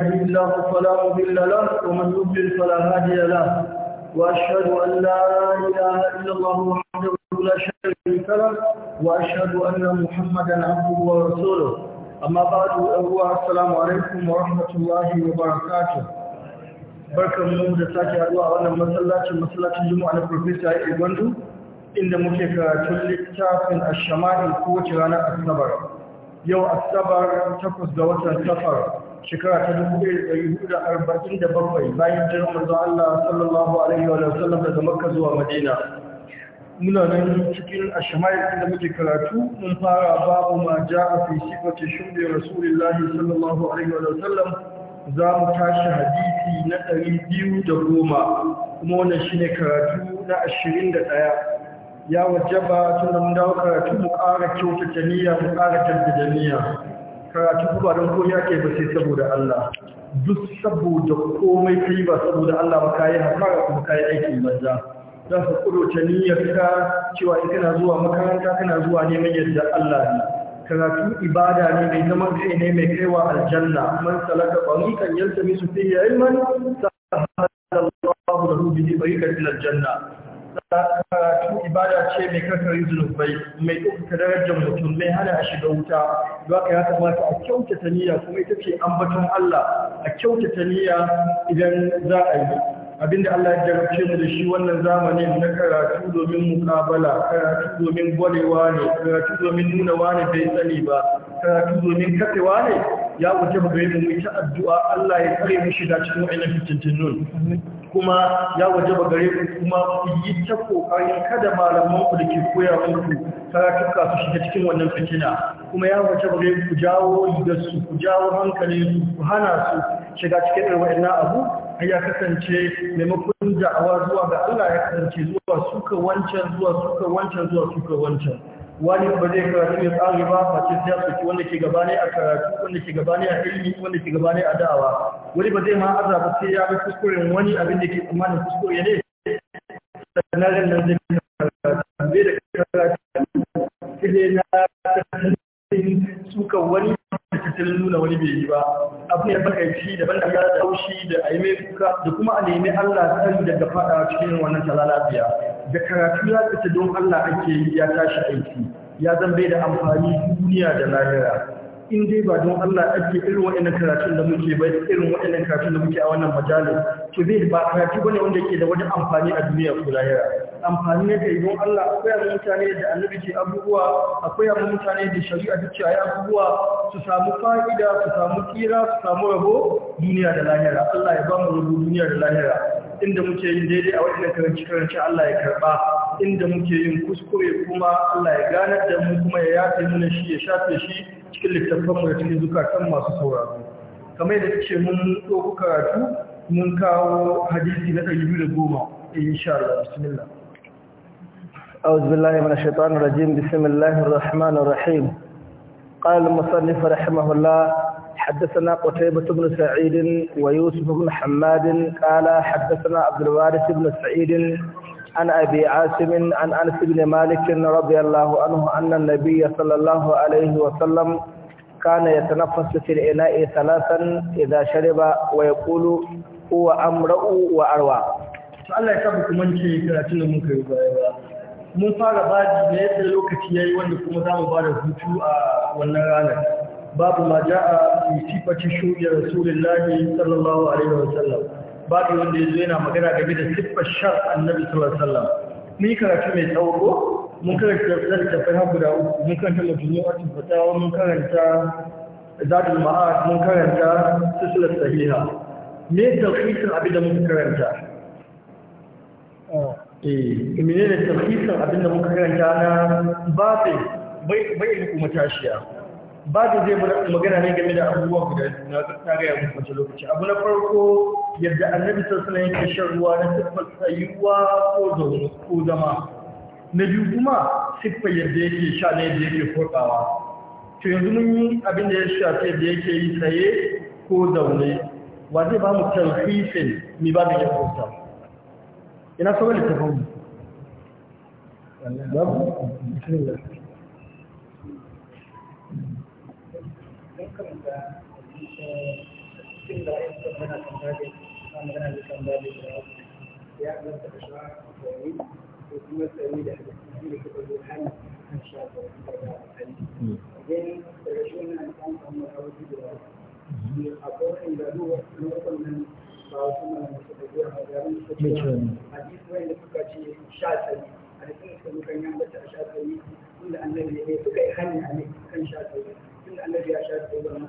يهده الله فلا مضل له ومن يضلل فلا هادي له واشهد ان لا اله الا الله وحده لا شريك له واشهد ان محمدا عبده ورسوله اما بعد هو السلام عليكم ورحمه الله وبركاته barkan mu da sake haduwa a wannan masallacin masallacin juma'a na profesa ya gwandu inda muke karatun littafin ashamari kowace ranar asabar yau asabar takwas ga watan safar shekara ta dubu ɗaya da ɗari hudu da arba'in da bakwai bayan jiran manzo Allah sallallahu alaihi wa sallam daga Makka zuwa Madina. Muna nan cikin ashamayar da muke karatu mun fara babu ma ja ja'a fi sifati shubbi Rasulillahi sallallahu alaihi wa sallam za mu tashi hadisi na ɗari biyu da goma kuma wannan ne karatu na ashirin da ɗaya. Ya wajaba tun da mun dawo karatu mu ƙara kyautata niyya mu ƙara jaddada niyya. karatu ba don ya ake ba sai saboda Allah duk saboda komai ka yi ba saboda Allah ba kayi ga kuma yi aikin banza za ka kudoce niyyar ka cewa in kana zuwa makaranta kana zuwa neman yadda Allah ne karatu ibada ne mai zama kai ne mai kaiwa aljanna man salaka fariqan yaltamisu fihi ilman sahala Allahu lahu bihi fariqan aljanna karatu ibada ce mai kakari zunubai mai ɗaukaka darajar mutum mai hana a shiga wuta ba ka ya kamata a kyautata niyya kuma ita ce ambaton Allah a kyautata niyya idan za a yi abinda Allah ya jarabce mu da shi wannan zamanin na karatu domin mukabala karatu domin gwalewa ne karatu domin nuna wani bai tsani ba karatu domin katsewa ne ya wuce mu gare yi mu ta addu'a Allah ya tsare mu shiga cikin ainihin fitintin nun kuma ya waje ba gare ku kuma ku yi ta kokarin kada malamanku da ke koya muku karatuka su shiga cikin wannan fitina kuma ya waje ba gare ku jawo su ku jawo hankalin ku hana su shiga cikin irin wa'annan abu Ai ya kasance maimakon da'awa zuwa ga Allah ya kasance zuwa suka wancan zuwa suka wancan zuwa suka wancan wani ba zai karatu ya tsari ba mace sai a wanda ke gabani a karatu wanda ke gabani a ilimi wanda ke gabani a da'awa wani ba zai ma azaba sai ya ga kuskuren wani abin da ke tsammanin kuskure ne sanarin nan zai karatu da karatu sai na tattalin suka wani tattalin nuna wani bai yi ba abu ne bakaici da ban da taushi da a yi mai kuka da kuma a nemi Allah tsari daga fada cikin wannan lafiya, da karatu ya fita don Allah ake yi ya tashi aiki ya zambe da amfani duniya da lahira in dai ba don Allah ake irin waɗannan karatun da muke ba irin waɗannan karatun da muke a wannan majalis to zai ba karatu bane wanda ke da wani amfani a duniya ko lahira amfani ne kai don Allah akwai mu mutane da annabi ke abubuwa akwai mu mutane da shari'a duk ce abubuwa su samu fa'ida su samu tsira, su samu rabo duniya da lahira Allah ya ba mu rabo duniya da lahira inda muke yin daidai a wannan karanci karanci Allah ya karba inda muke yin kuskure kuma Allah ya ganar da mu kuma ya yafe mana shi ya shafe shi cikin littattafanmu da cikin zukatan masu sauraro kamar da ce mun ɗauku karatu mun kawo hadisi na ɗari biyu da goma insha Allah bismillah أعوذ بالله من الشيطان الرجيم بسم الله الرحمن الرحيم قال المصنف رحمه الله حدثنا قتيبة بن سعيد ويوسف بن حماد قال حدثنا عبد الوارث بن سعيد عن أبي عاصم عن أنس بن مالك رضي الله عنه أن النبي صلى الله عليه وسلم كان يتنفس في الإناء ثلاثا إذا شرب ويقول هو أمرأ وأروى Allah ya saba kuma ce karatun da muka yi baya ba. Mun fara baji da yadda lokaci ya yi wanda kuma za mu ba da hutu a wannan ranar. Babu ma ja'a fi sifati shuɗi Rasulullahi sallallahu alaihi wa sallam. babu wanda ya zo yana magana game da siffar shar annabi sallallahu alaihi wasallam mun yi karatu mai tsawo mun karanta littattafai har guda uku mun karanta majmu'atul fatawa mun karanta zadul ma'ad mun karanta silsilar sahiha me tafsirin abin mun karanta oh. eh menene tafsirin abin da mun karanta na babin bai bai mutashiya ba da zai magana ne game da abubuwa guda na tsara ya mutu wata lokaci abu na farko yadda annabi sassana yake shan ruwa na siffar tsayuwa ko zama na biyu kuma siffar yadda yake sha na yadda yake kurkawa to yanzu mun yi abin da ya shafi yadda yake yi tsaye ko zaune wa zai ba mu talhisin mi ba da ya kurta ina sauran littafin mu da cikin da ya na da da ya da da da da da da a wajen da suka a garin suka hadisi wanda suka ce sha a sha suka yi hannu a kan sha tsari da annabi ya sha ba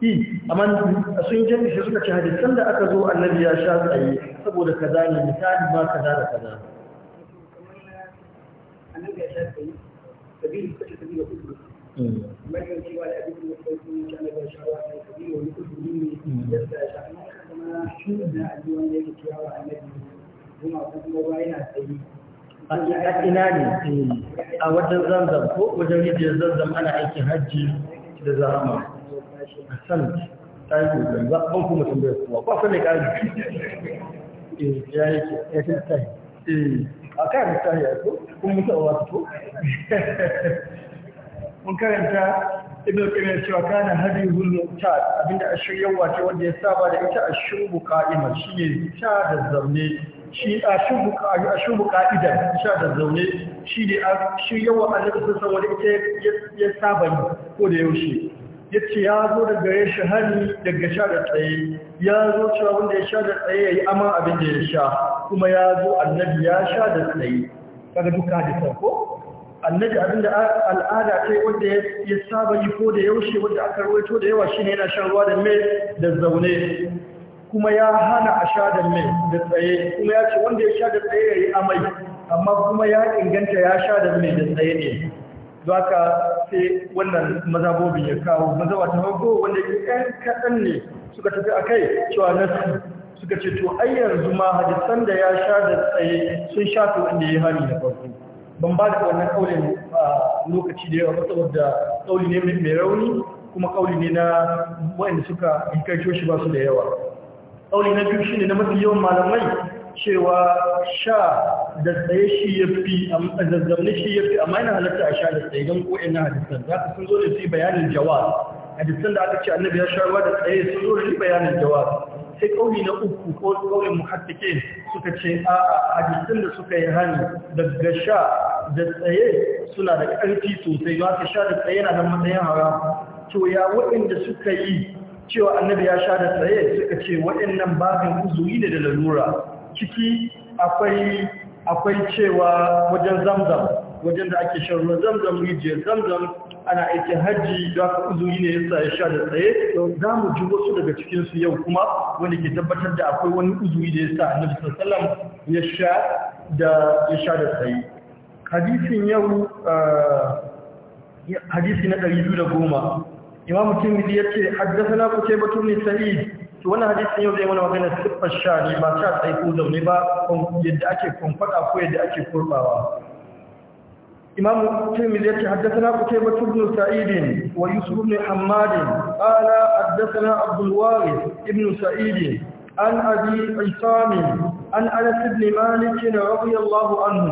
yi amma sun jami shi suka ci hadisan da aka zo annabi ya sha tsaye saboda kaza ne misali ma kaza da kaza a ina ne a wajen zanzan ko wajen rijiyar zanzan ana aikin hajji da zama ta yi kowa yi eh, ya yi ya ta yi eh, a yi ko a wasu mun karanta ibn qayyim cewa kana hadihul mu'tad abinda a ce wanda ya saba da ita ashrubu qa'ima shine ta da zaune shi ashrubu qa'ima ashrubu qa'idan sha da zaune shi ne ashiryawa wanda ita ya saba ko da yaushe ya ya zo daga gare shi hani daga sha da tsaye ya zo cewa wanda ya sha da tsaye ya yi ama abin da ya sha kuma ya zo annabi ya sha da tsaye kaga duka da ko annabi abin da al'ada ta wanda ya saba yi ko da yaushe wanda aka rawaito da yawa shine yana shan ruwa da mai da zaune kuma ya hana a sha da mai da tsaye kuma ya ce wanda ya sha da tsaye ya yi amai amma kuma ya inganta ya sha da mai da tsaye ne Zaka haka sai wannan mazabobin ya kawo mazaba ta farko wanda ɗan kaɗan ne suka tafi a kai cewa su suka ce to ai yanzu ma hadisan da ya sha da tsaye sun to inda ya yi da farko ban ba da wannan a lokaci da yawa saboda kauli ne mai rauni kuma kauli ne na wanda suka kai shi ba su da yawa kauli na biyu shine na mafi yawan malamai cewa sha da tsaye shi ya fi a zazzaune shi ya fi amma yana halatta a sha da tsaye don ko ina hadisan za ka sun zo da fi bayanin jawar. hadisan da aka ce annabi ya sha ruwa da tsaye sun zo da fi bayanin jawar. sai kauli na uku ko kaulin muhaddike suka ce a hadisan da suka yi hani daga sha da tsaye suna da ƙarfi sosai ba ka sha da tsaye yana nan matsayin hawa. to ya waɗanda suka yi cewa annabi ya sha da tsaye suka ce waɗannan babin uzuri ne da lalura ciki akwai cewa wajen zamzam wajen da ake shan ruwan zamzam rijiyar zamzam ana aikin hajji da aka uzuri ne yasa ya sha da tsaye za mu ji wasu daga cikinsu yau kuma wanda ke tabbatar da akwai wani uzuri da yasa annabi sallallahu ya sha da ya sha da tsaye hadisin yau eh, hadisi na 210 imam tirmidhi yace haddathana kutaybah bin sa'id to wannan hadisi ya zai mana magana siffar sha ne ba sha tsaye ko zaune ba yadda ake kwanfada ko yadda ake kurbawa imamu tirmi zai ce haddasa ku kai batu ibn sa'idin wa yusuf ibn hamadin ala haddasa abdul waris ibn sa'idin an abi isami an anas ibn malik radiyallahu anhu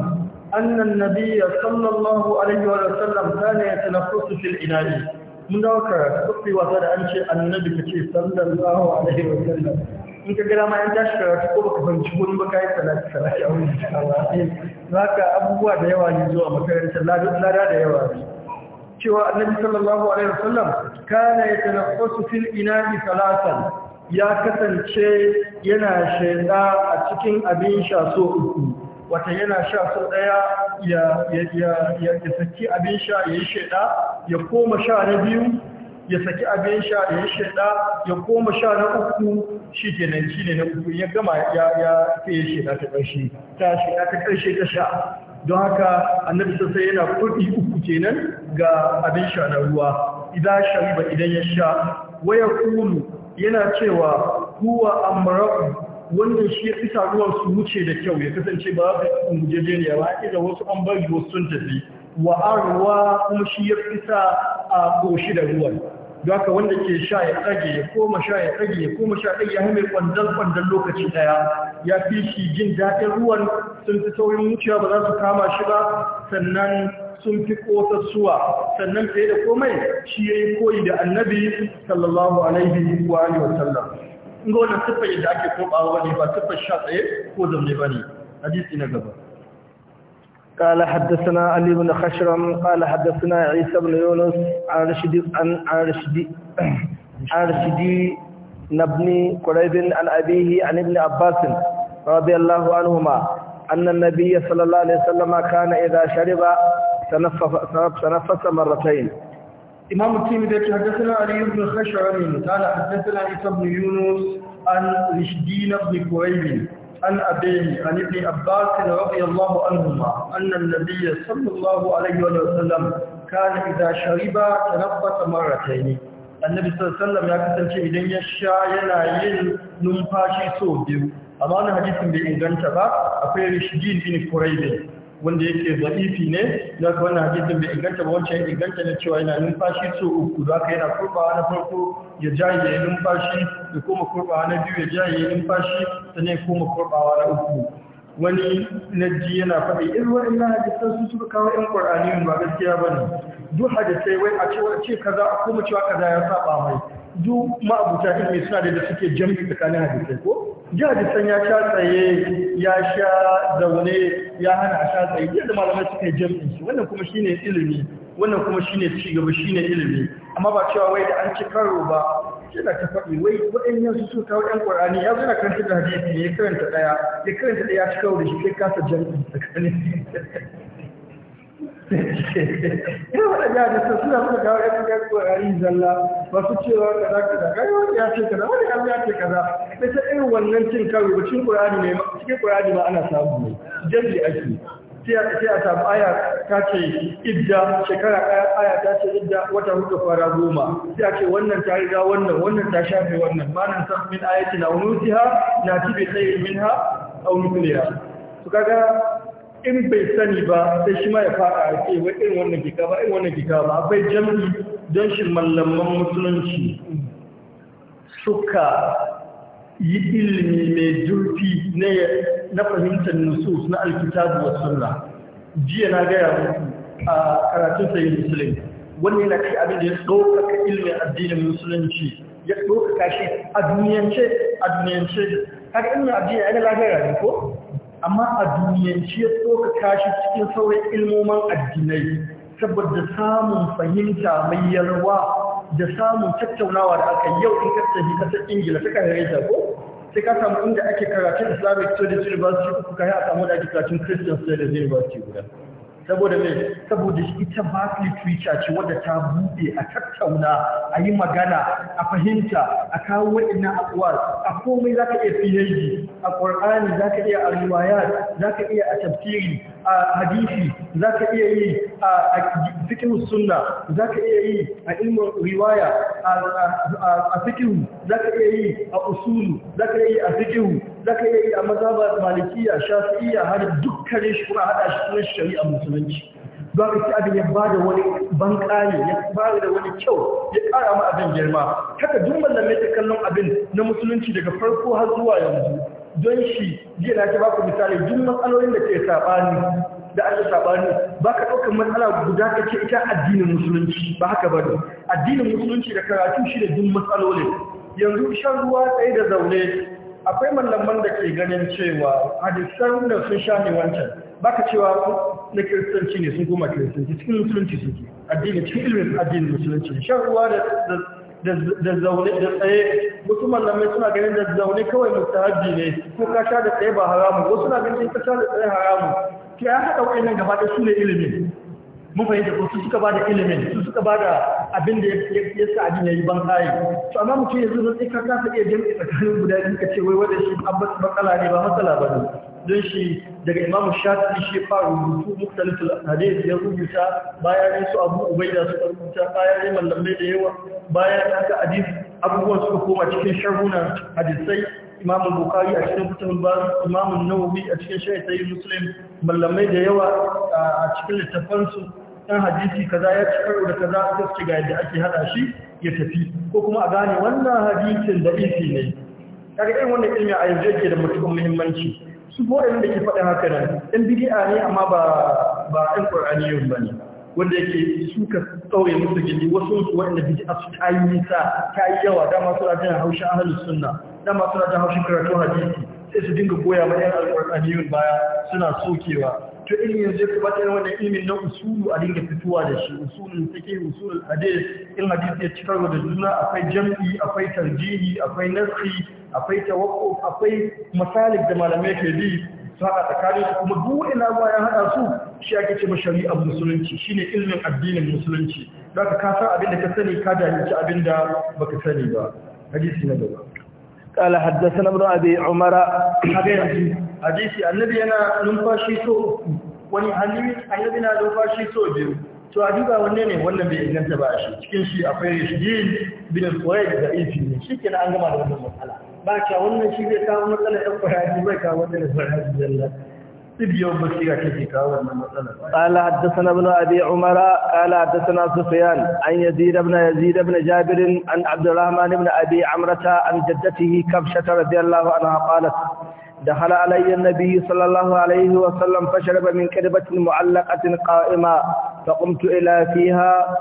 an annabiy sallallahu alaihi wa sallam kana yatanaffasu fil inani mun dawo karatu kuka wasa da an ce annabi ka ce a alaihi wa sallam in ka gada ma yan tashi karatu ko baka fahimci gurin ba yi salati salati a jikin za ka abubuwa da yawa ne zuwa makarantar lada da yawa ne cewa annabi sallallahu alaihi wa sallam kana yatanaffasu fil ina'i salatan ya kasance yana shaida a cikin abin sha so uku wata yana sha so daya ya saki abin sha ya yi shaida ya koma sha na biyu ya saki abin sha ya yi shaida ya koma sha na uku shi ke nan shi ne na uku ya gama ya ke yi shaida ta ƙarshe ta shaida ta ƙarshe ta sha don haka annabi sassai yana kurɗi uku kenan ga abin sha na ruwa idan ba idan ya sha waya kulu yana cewa kuwa amraku wanda shi ya fi su wuce da kyau ya kasance ba za su yi gujejeniya ba ake da wasu an bari wasu sun tafi wa arwa kuma shi ya fi a koshi da ruwan don wanda ke sha ya tsage ya koma sha ya tsage ya koma sha ɗaya ya hame kwandal-kwandal lokaci daya ya fi shi jin daɗin ruwan sun fi saurin wucewa ba za su kama shi ba sannan sun fi ƙosassuwa sannan fiye da komai shi ya yi koyi da annabi sallallahu alaihi wa sallam in ga wannan siffar yadda ake kobawa ne ba siffar sha tsaye ko zaune ba ne hadisi na gaba قال حدثنا علي بن خشرم قال حدثنا عيسى بن يونس عن رشدي عن رشدي عن رشدي بن قريب عن أبيه عن ابن عباس رضي الله عنهما أن النبي صلى الله عليه وسلم كان إذا شرب تنفس, تنفس مرتين إمام التيمي حدثنا علي بن خشعري قال حدثنا عيسى بن يونس عن رشدين بن كريم عن أبيه عن ابن عباس رضي الله عنهما أن النبي صلى الله عليه وسلم كان إذا شرب تنفس مرتين النبي صلى الله عليه وسلم ya sha yana yin numfashi sau biyu amma wannan حديث bai inganta ba akwai rishidin bin wanda yake za'ifi ne da kuma na hadisin bai inganta ba wancan inganta ne cewa yana numfashi so uku za ka yana kurbawa na farko ya jaye ya numfashi ya koma kurbawa na biyu ya jaye ya numfashi ta ya koma kurbawa na uku wani naji yana faɗi irin waɗannan hadisan su suka kawo 'yan ƙwar'ani ba gaskiya ba ne duk sai wai a ce ce kaza a kuma cewa kaza ya saba mai duk ma'abuta ilimi suna da suke jami'i tsakanin hadisai ko Jihar jihadisan ya sha tsaye ya sha zaune ya hana a sha tsaye yadda malamai suka yi jami'insu wannan kuma shi ne ilimi wannan kuma shi ne cigaba shi ne ilimi amma ba cewa wai da an ci karo ba kina ta faɗi wai waɗannan su su kawo ɗan ƙwarani ya kan karanta da hadisi ne ya karanta ɗaya ya karanta ɗaya ya ci karo da shi kai kasa jami'i tsakanin ina wata gada ta suna suka kawo yan gari ƙwararri zalla masu cewa kaza kaza kai wani ya ce kaza wani an ya ce kaza da ta irin wannan cin karo ba cin ƙwararri ne cikin ƙwararri ma ana samu ne jaji ake sai a samu aya ta ce idda shekara aya ta ce idda wata hudu fara goma sai a ce wannan ta riga wannan wannan ta shafe wannan ba nan san min ayati na unusiha na tibi khairin minha aw mithliha to kaga in bai sani ba sai shi ma ya fara a ce wai irin wannan kika ba irin wannan kika ba akwai jam'i don shi mallaman musulunci suka yi ilimi mai zurfi na fahimtar nusus na alkitabu wa sunna jiya na gaya muku a karatun sayin musulun wannan yana kai abin da ya tsokaka ilimin addinin musulunci ya tsokaka shi a duniyance a duniyance haka ilimin addini a yana lafiya ne ko amma a duniyance ya tsoka kashi cikin sauran ilmoman addinai saboda samun fahimta mai yalwa da samun tattaunawa da aka yau in ka tafi kasar ingila ta kare ta ko sai ka samu inda ake karatun islamic studies university kuka yi a samu da ake karatun christian studies university guda saboda mai saboda ita ba literature ce wadda ta bude a tattauna a yi magana a fahimta a kawo waɗannan abuwa a komai za ka iya phd a ƙwar'ani za ka iya a riwayat za ka iya a tafsiri a hadisi za ka iya yi a fikin sunna za ka iya yi a ilmin riwaya a fikin za ka iya yi a usulu za ka iya yi a fikin zaka yi a mazaba malikiya shafi'iyya har dukkanin shi kuma hada shi cikin shari'a musulunci ba ka ci abin ya ba da wani bankani ya ba da wani kyau ya kara ma abin girma haka duk mallamai mai kallon abin na musulunci daga farko har zuwa yanzu don shi jiya na ta baku misali duk matsalolin da ke sabani da aka sabani ba ka ɗaukar matsala guda ka ce ita addinin musulunci ba haka ba addinin musulunci da karatu shi da duk matsalolin yanzu shan ruwa tsaye da zaune akwai mallaman da ke ganin cewa hadisan da sun sha ne wancan baka cewa na kiristanci ne sun goma kiristanci cikin musulunci suke addini cikin ilimin addini musulunci shan ruwa da zaune da tsaye wasu mallamai suna ganin da zaune kawai mustahabi ne ko ka sha da tsaye ba haramu wasu na ganin ka sha da tsaye haramu ke ya haɗa wa'annan gaba da su ne ilimin mun fahimta ko su suka bada ilimin su suka bada abin da ya sa abin yi ban kayi to amma mutum yanzu sai ka kasa iya jami'a tsakanin guda biyu ka ce wai wanda shi abbas matsala ne ba matsala ba ne don shi daga imam shafi shi fara rubutu muktalitul hadith ya rubuta bayan su abu ubaida suka rubuta bayan mallamai da yawa bayan aka hadith abubuwan suka koma cikin sharhuna hadisai imam bukari a cikin kutun bar imam nawawi a cikin shayi sai muslim mallamai da yawa a cikin littafansu ɗan hadisi kaza ya ci karo da kaza ta ci ga yadda ake hada shi ya tafi ko kuma a gane wannan hadisin da isi ne daga irin wannan ilmi a yanzu yake da matuƙar muhimmanci su boɗin da ke faɗin haka nan ɗan bidi'a ne amma ba ba ɗan yau ba ne wanda yake suka tsauye musu gindi wasu wasu waɗanda bidi'a su ta yi nisa ta yi yawa dama su rajin haushin ahalus sunna dama suna ta haushin karatun hadisi sai su dinga goya ma yan alƙur'aniyun baya suna sokewa to ilmi yanzu ya kamata yin wannan ilmin na usulu a dinga fitowa da shi usulun take usulun hadis in hadisi ya cikarwa da juna akwai jam'i akwai tarjihi akwai nasri akwai tawakko akwai masalik da malamai ke bi su haɗa tsakanin su kuma duk wani abuwa ya haɗa su shi ake ce shari'ar musulunci shine ilimin addinin musulunci za ka kasa abin da ka sani ka jahilci abin da baka sani ba hadisi na gaba قال حدثنا ابن أبي عمر حديثي النبي أنا نمفاشي سوء wani halin annabi na numfashi so biyu to a duba wanne ne wannan bai inganta ba shi cikin shi akwai shidin bin al qawaid da ifi ne shi kenan an gama da wannan matsala ba ka wannan shi zai kawo matsala ɗan faraji bai kawo wannan faraji zalla قال حدثنا ابن أبي عمر قال حدثنا سفيان عن يزيد بن يزيد بن جابر عن عبد الرحمن بن أبي عمرة عن جدته كبشة رضي الله عنها قالت دخل علي النبي صلى الله عليه وسلم فشرب من كربة معلقة قائمة فقمت إلى فيها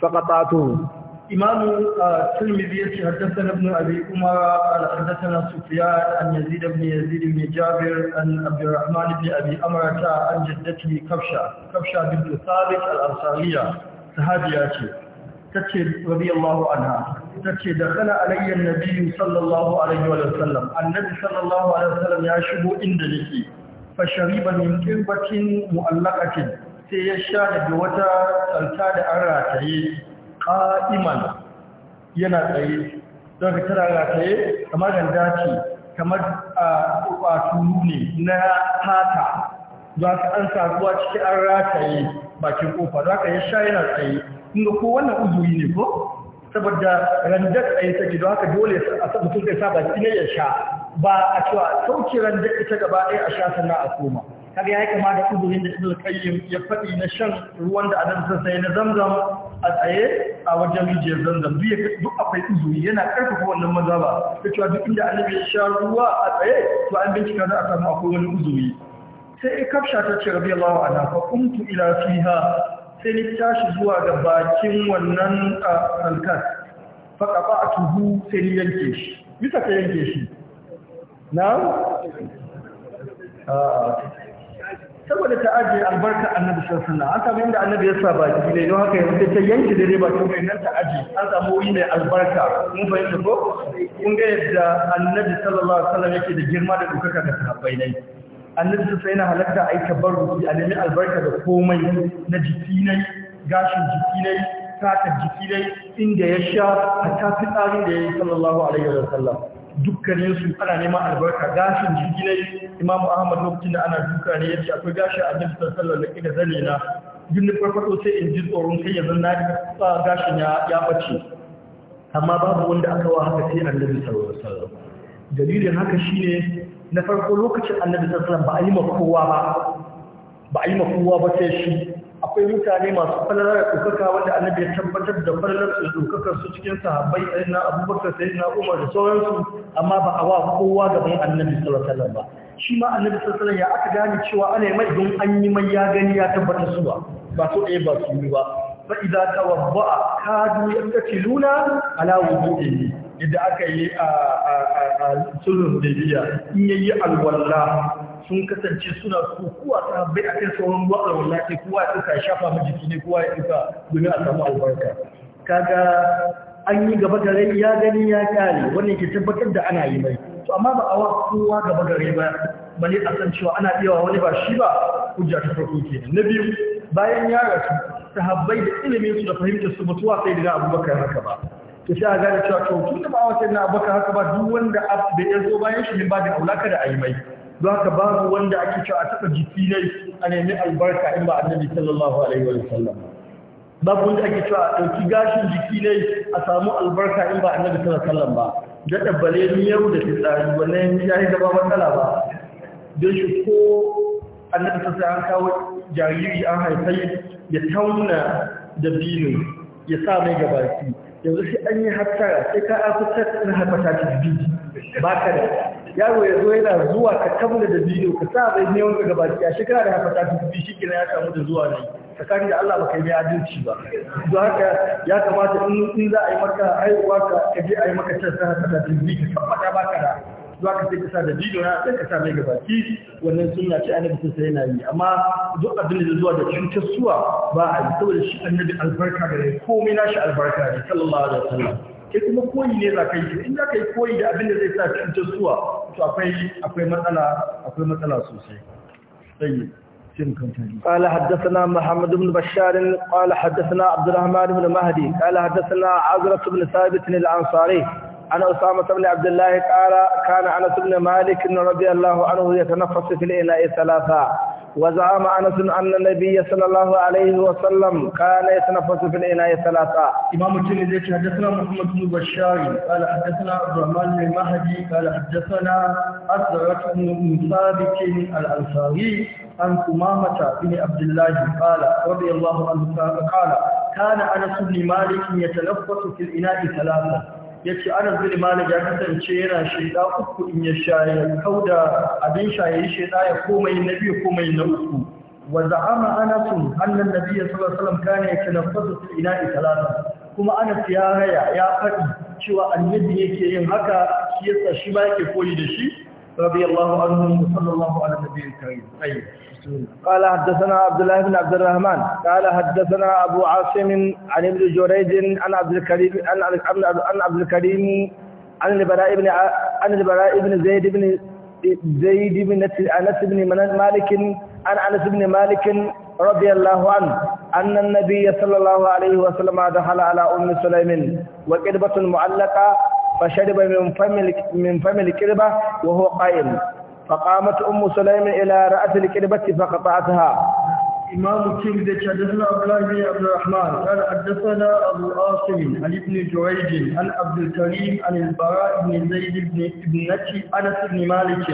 فقطعته إمام الترمذي حدثنا ابن أبي عمر قال حدثنا سفيان عن يزيد بن يزيد بن جابر عن عبد الرحمن بن أبي أمرة عن جدته كبشة كبشة بنت ثابت الأنصارية صحابياتي تتشي رضي الله عنها تتشي دخل علي النبي صلى الله عليه وسلم النبي صلى الله عليه وسلم يشبه إندلسي فشرب من قربة مؤلقة sai ya sha daga wata tsalta da an rataye qa'iman yana tsaye don ka tara ga tsaye kamar ganda dace, kamar a tulu ne na fata za ka an saduwa cikin an rataye bakin ƙofa. za ka yi sha yana tsaye inda ko wannan uzuri ne ko saboda randar tsaye take don haka dole a mutum kai sa baki ne ya sha ba a cewa sauki randa ita gaba ɗaya a sha sannan a koma kaga ya kama da uzurin da ibn qayyim ya faɗi na shan ruwan da adam sun sai na zamzam a tsaye a wajen rijiyar zamzam duk duk akwai uzuri yana ƙarfafa wannan mazaba ta cewa duk inda annabi ya sha ruwa a tsaye to an bincika za a samu akwai wani uzuri sai kafsha ta ce rabi Allah ana fa kuntu ila fiha sai ni tashi zuwa ga bakin wannan alkas fa a tuhu sai ni yanke shi bisa ka yanke shi na saboda ta ajiye albarka annabi sallallahu alaihi an samu inda annabi ya sa baki ne don haka yanzu sai yanki da riba to mai nan ta ajiye an samu wuri mai albarka mun fahimta ko kun ga yadda annabi sallallahu alaihi wasallam yake da girma da dukaka da sahabbai ne annabi sai yana halatta a yi tabarruki a nemi albarka da komai na jiki ne gashin jiki ne taka jiki ne inda ya sha a tafi tsarin da ya yi sallallahu alaihi wasallam dukkaninsu ana neman albarka gashin jiki ne imamu ahmad lokacin da ana duka ne ya ce akwai gashi a jin sallar da da zane na jini farfaɗo sai in ji tsoron kai ya zanna ba gashin ya bace amma babu wanda aka wa haka sai annabi sallallahu dalilin haka shine na farko lokacin annabi sallallahu alaihi wasallam ba a yi ma kowa ba ba a yi ma kowa ba sai shi akwai mutane masu falala da ɗaukaka wanda annabi ya tabbatar da falalar su ɗaukakar su cikin sahabbai sai na abubakar sai na umar da sauransu amma ba a wa kowa gaban annabi sallallahu ba shi ma annabi sallallahu ya aka gane cewa ana mai don an yi mai ya gani ya tabbatar su ba ba so ɗaya ba su yi ba fa idza tawadda'a kadu yaqtiluna ala ne, yadda aka yi a in yayi alwala sun kasance suna kokowa ta habbai a kan sauran ruwa a wallafi kowa ya ɗauka shafa ma jiki ne kowa ya ɗauka domin a samu albarka kaga an yi gaba gare ya gani ya kare wannan ke tabbatar da ana yi mai to amma ba a wa kowa gaba gare ba bane a san cewa ana iya wa wani ba shi ba hujja ta farko kenan na biyu bayan ya rasu sahabbai da ilimin su da fahimtar su mutuwa sai daga abubakar haka ba to sai gane cewa to tun da ba a na abubakar haka ba duk wanda da ya zo bayan shi ne ba da aulaka da yi mai don haka babu wanda ake cewa a taɓa jiki ne a nemi albarka in ba annabi sallallahu alaihi wa sallam babu wanda ake cewa a ɗauki gashin jiki ne a samu albarka in ba annabi sallallahu alaihi wa sallam ba daɗa ɗabbale ni yau da tsari wannan ya yi gaba matsala ba don shi ko annabi sallallahu an kawo jariri an haifai ya tauna da binu ya sa mai gabaki yanzu sai an yi hatsara sai ka asusar na haifata ta biyu ba ka da yaro ya zo yana zuwa ka kabla da bidiyo ka sa zai ne wanda gaba ki a shekara da haka ta tafi shi kina ya samu da zuwa ne tsakani da Allah baka yi adalci ba don haka ya kamata in za a yi maka haihuwa ka je a yi maka can sana ka ta tafi ka tabbata baka da za ka sai ka sa da bidiyo na sai ka sa mai gabaki wannan sunna ce annabi sun sai yana yi amma duk abin da zuwa da cutar suwa ba a yi saboda shi annabi albarka da komai nashi albarka ne sallallahu alaihi wasallam ke kuma koyi ne za ka yi in za ka yi koyi da abin da zai sa ta suwa to akwai akwai matsala akwai matsala sosai sai قال حدثنا محمد بن بشار قال حدثنا عبد الرحمن بن مهدي قال حدثنا عزرة بن ثابت الأنصاري عن أسامة بن عبد الله قال كان أنس بن مالك رضي الله عنه يتنفس في الإناء ثلاثة وزعم أنس أن النبي صلى الله عليه وسلم كان يتنفس في الإناء ثلاثة إمام الترمذي حدثنا محمد بن بشار قال حدثنا عبد الرحمن بن مهدي قال حدثنا أسرة بن ثابت الأنصاري عن ثمامة بن عبد الله قال رضي الله عنه قال كان أنس بن مالك يتنفس في الإناء ثلاثة ya ce ana malik ya kasance yana shaida uku in ya shaye kauda abin shaye shaida ya komai na biyu komai na uku wa za'ama anasun annan nabiyyi sallallahu kane wasallam kana yatanaffasu fil ina'i talata kuma ana ya raya ya faɗi cewa annabi yake yin haka shi yasa shi ma yake koyi da shi رضي الله عنه وصلى الله على النبي الكريم طيب قال حدثنا عبد الله بن عبد الرحمن قال حدثنا أبو عاصم عن ابن جريج عن عبد الكريم عن عبد الكريم عن البراء بن عن البراء بن زيد بن زيد بن أنس بن مالك عن أنس بن مالك رضي الله عنه أن النبي صلى الله عليه وسلم دخل على أم سليم وكذبة معلقة فشرب من فم من فم الكربة وهو قائم فقامت أم سليم إلى رأس الكربة فقطعتها إمام كيف حدثنا عبد الله بن عبد الرحمن قال حدثنا أبو عاصم عن ابن جريج عن عبد الكريم عن البراء بن زيد بن ابنة أنس بن مالك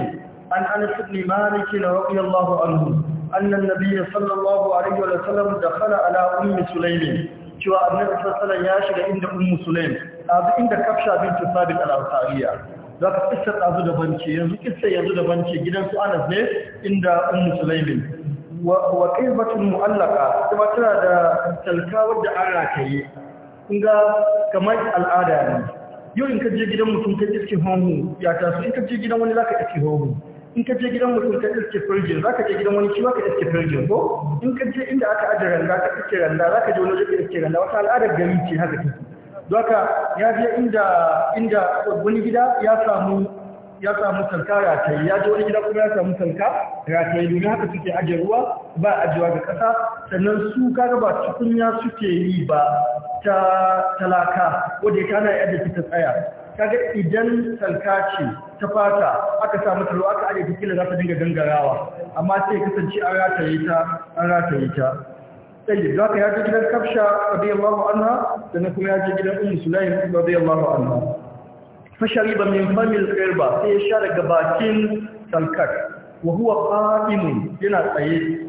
عن أنس بن مالك رضي الله عنه أن النبي صلى الله عليه وسلم دخل على أم سليم cewa annabi sallallahu alaihi wasallam ya shiga inda ummu sulaim ɗazu inda kafsha bin tusabin al'autariya za ka kissa ɗazu da bance yanzu kissa yanzu da bance gidansu anas ne inda ummu sulaimin wa batun mu'allaka kuma tana da talkawar da an rataye kun ga kamar al'ada ne yau in ka je gidan mutum ka iske homu ya taso in ka je gidan wani za ka iske homu in ka je gidan mutum ka iske firjin za ka je gidan wani kiwa ka iske firjin ko in ka je inda aka ajiye randa ka iske randa za ka je wani wajen ka iske randa wata al'adar gari ce haka take doka ya je inda inda wani gida ya samu ya samu salka rataye ya je wani gida kuma ya samu salka rataye domin haka suke ajiye ruwa ba ajiyewa ga kasa sannan su kaga ba tukunya suke yi ba ta talaka wadda ya kana yadda ta tsaya kaga idan sarka ce ta fata aka samu taro aka ajiye ta kila za ta dinga gangarawa amma sai kasance an rataye ta an rataye ta tsaye za ka yaji gidan kafsha radiyallahu anha sannan kuma yaje gidan ummu sulaim radiyallahu anha fashariba min famil qirba sai ya sha daga bakin salkat wa huwa qa'imun yana tsaye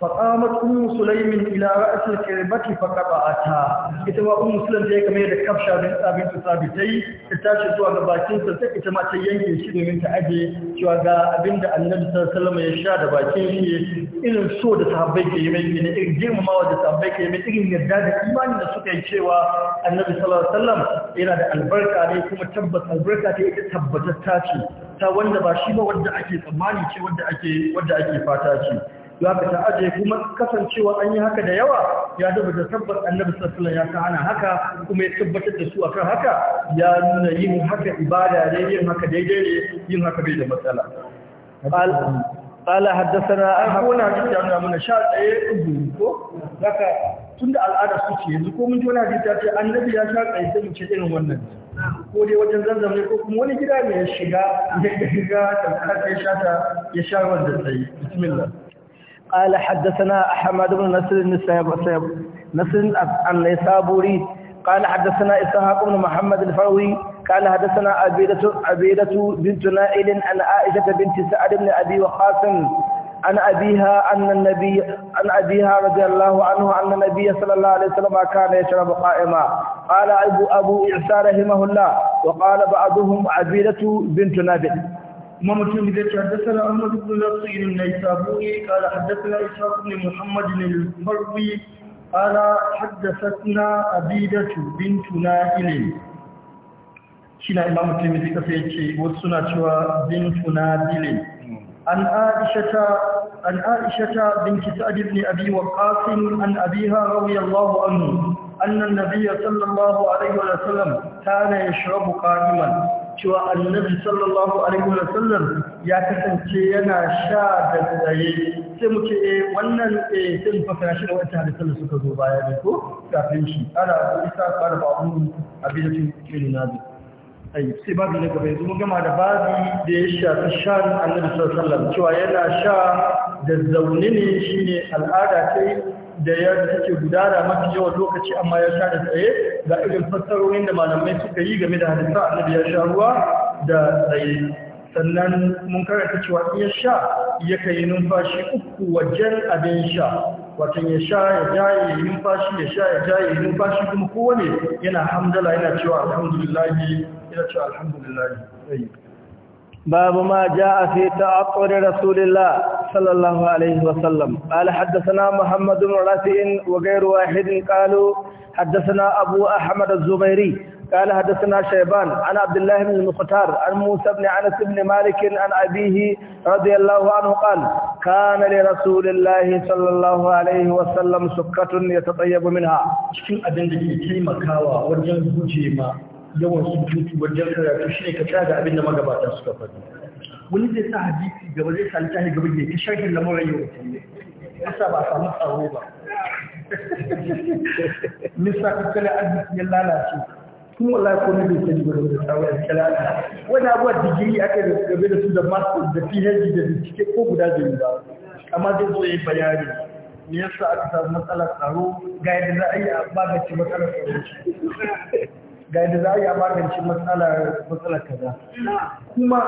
faƙamat umu sulaimin ila ra'asar kirmaki faƙaɓa a ta ita ma umu ta yi kamar yadda kafsha bin tsabin su sabi ta yi ta tashi zuwa ga bakin sa sai ita ma ta yanke shi domin ta aje cewa ga abin da annabi sallama ya sha da bakin iya. irin so da sahabbai ke yi mai ne irin girmamawa da sahabbai ke yi mai irin yadda da imani da suka yi cewa annabi sallallahu alaihi yana da albarka ne kuma tabbas albarka ta ita tabbatar ta ce ta wanda ba shi ba wanda ake tsammani ce wanda ake fata ce za ka ta aje kuma kasancewa an yi haka da yawa ya dubu da tabbat annabi sallallahu ya ka ana haka kuma ya tabbatar da su akan haka ya nuna yin haka ibada ne yin haka daidai ne yin haka bai da matsala قال sha tsaye حديث عن من شاء al'ada su ce yanzu ko mun يزكو من جونا ce annabi ya sha tsaye sai mu ce irin wannan? ko dai wajen ne ko kuma wani gida ne ya shiga ya shiga ta ya sha ta ya sha wanda tsaye bismillah قال حدثنا أحمد بن نصر نصر نيسابوري قال حدثنا إسحاق بن محمد الفروي قال حدثنا عبيدة عبيدة بنت نائل عن عائشة بنت سعد بن أبي وقاص عن أبيها أن النبي عن أبيها رضي الله عنه أن النبي صلى الله عليه وسلم كان يشرب قائما قال أبو أبو إعسى رحمه الله وقال بعضهم عبيدة بنت نابل kuma mutum da ta haddasa Ahmad ibn Nasir ibn Naisaburi kala haddasa Ishaq ibn Muhammad ibn Marwi ala haddasatna Abidatu bint Nafil shine imam mutum da kafa wasu suna cewa bint Nafil an Aisha an Aisha bint Sa'd ibn Abi Waqqas an abiha radiyallahu anhu anna an-nabiy sallallahu alayhi wa sallam kana yashrabu qaliman cewa annabi sallallahu alaihi wa sallam ya kasance yana sha da tsaye sai muke eh wannan eh sai mu fassara shi da wata hadisi da suka zo baya ne ko kafin shi ana isa fara ba'un abidatu kilinadi ai sai babu ne gaba yanzu mun gama da babu da ya shafi shan annabi sallallahu alaihi wa sallam cewa yana sha da zaune ne shine al'ada ce da ya take gudana mafi yawan lokaci amma ya sha da tsaye ga irin fassarorin da malamai suka yi game da hadisa annabi ya sha ruwa da tsaye sannan mun karanta cewa iya sha ya kai numfashi uku wajen abin sha wato ya sha ya yi numfashi ya sha ya yi numfashi kuma kowane yana hamdala yana cewa alhamdulillah yana cewa alhamdulillah باب ما جاء في تعطر رسول الله صلى الله عليه وسلم قال حدثنا محمد بن رافع وغير واحد قالوا حدثنا أبو أحمد الزبيري قال حدثنا شيبان عن عبد الله بن المختار عن موسى بن عنس بن مالك عن أبيه رضي الله عنه قال كان لرسول الله صلى الله عليه وسلم سكة يتطيب منها شكل أبن دكي كلمة كاوة ورجل ما yawan sujudu wajen karatu shi ne ka tada abin da magabatan suka faru wani zai sa hadisi gaba zai sa littafi gaba ne ta sharhin lamarin yau ne yasa ba a samu tsaro ba nisa kakkalin arziki ya lalace kuma wallahi ko ne bai sani ba da tsaro ya kalala wani abuwa digiri aka gabe da su da masters da phd da bincike ko guda biyu ba amma zai zo ya yi bayani me yasa aka samu matsalar tsaro ga yadda za a yi a magance matsalar tsaro ga yadda za a yi a magance matsalar kaza kuma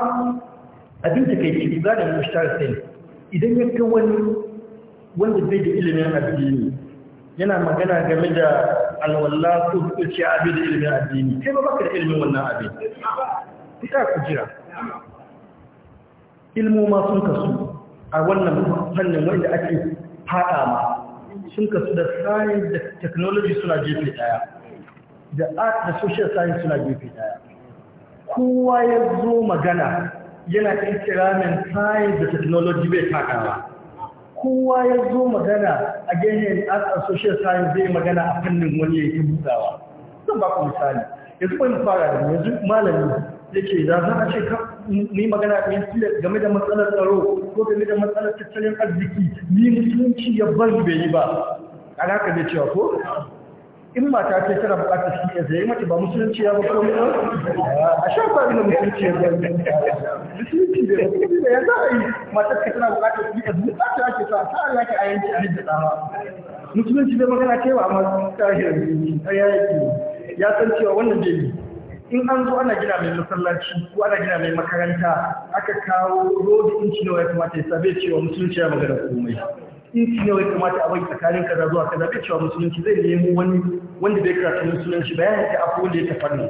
abin da kai ciki za da mushtar sai idan ya ga wani wanda zai da ilimin addini yana magana game da alwala, ko kuciya abin da ilimin addini kai ba baka da ilimin wannan abin ita ku jira ma sun kasu a wannan fannin wanda ake fada ma sun kasu da science da technology suna jefe daya da art da social science suna gefe daya kowa ya zo magana yana inkiramin science da technology bai takawa kowa ya zo magana a ganyen art da social science zai magana a fannin wani ya yi budawa zan ba ku misali yanzu kwan fara da yanzu malami ya da za a ce ni magana a game da matsalar tsaro ko game da matsalar tattalin arziki ni musulunci ya bar bai yi ba A ka da cewa ko in mata ce tana bukatar shi ya zai mace ba musulunci ya ba bakon mu a sha ba ina musulunci ya zai musulunci da musulunci da ya za a yi matar ka tana bukatar shi ya zai ta ake sa ta Allah ke ayanci a hijja dama musulunci bai magana cewa amma tahiyar ya yake ya san cewa wannan bai in an zo ana gina mai masallaci ko ana gina mai makaranta aka kawo rodi inci nawa ya kamata ya sabe cewa musulunci ya magana komai inci nawa ya kamata a bai tsakanin kaza zuwa kaza ka cewa musulunci zai nemo wani wanda bai karatu musulunci ba ya ta abu da ya ta ne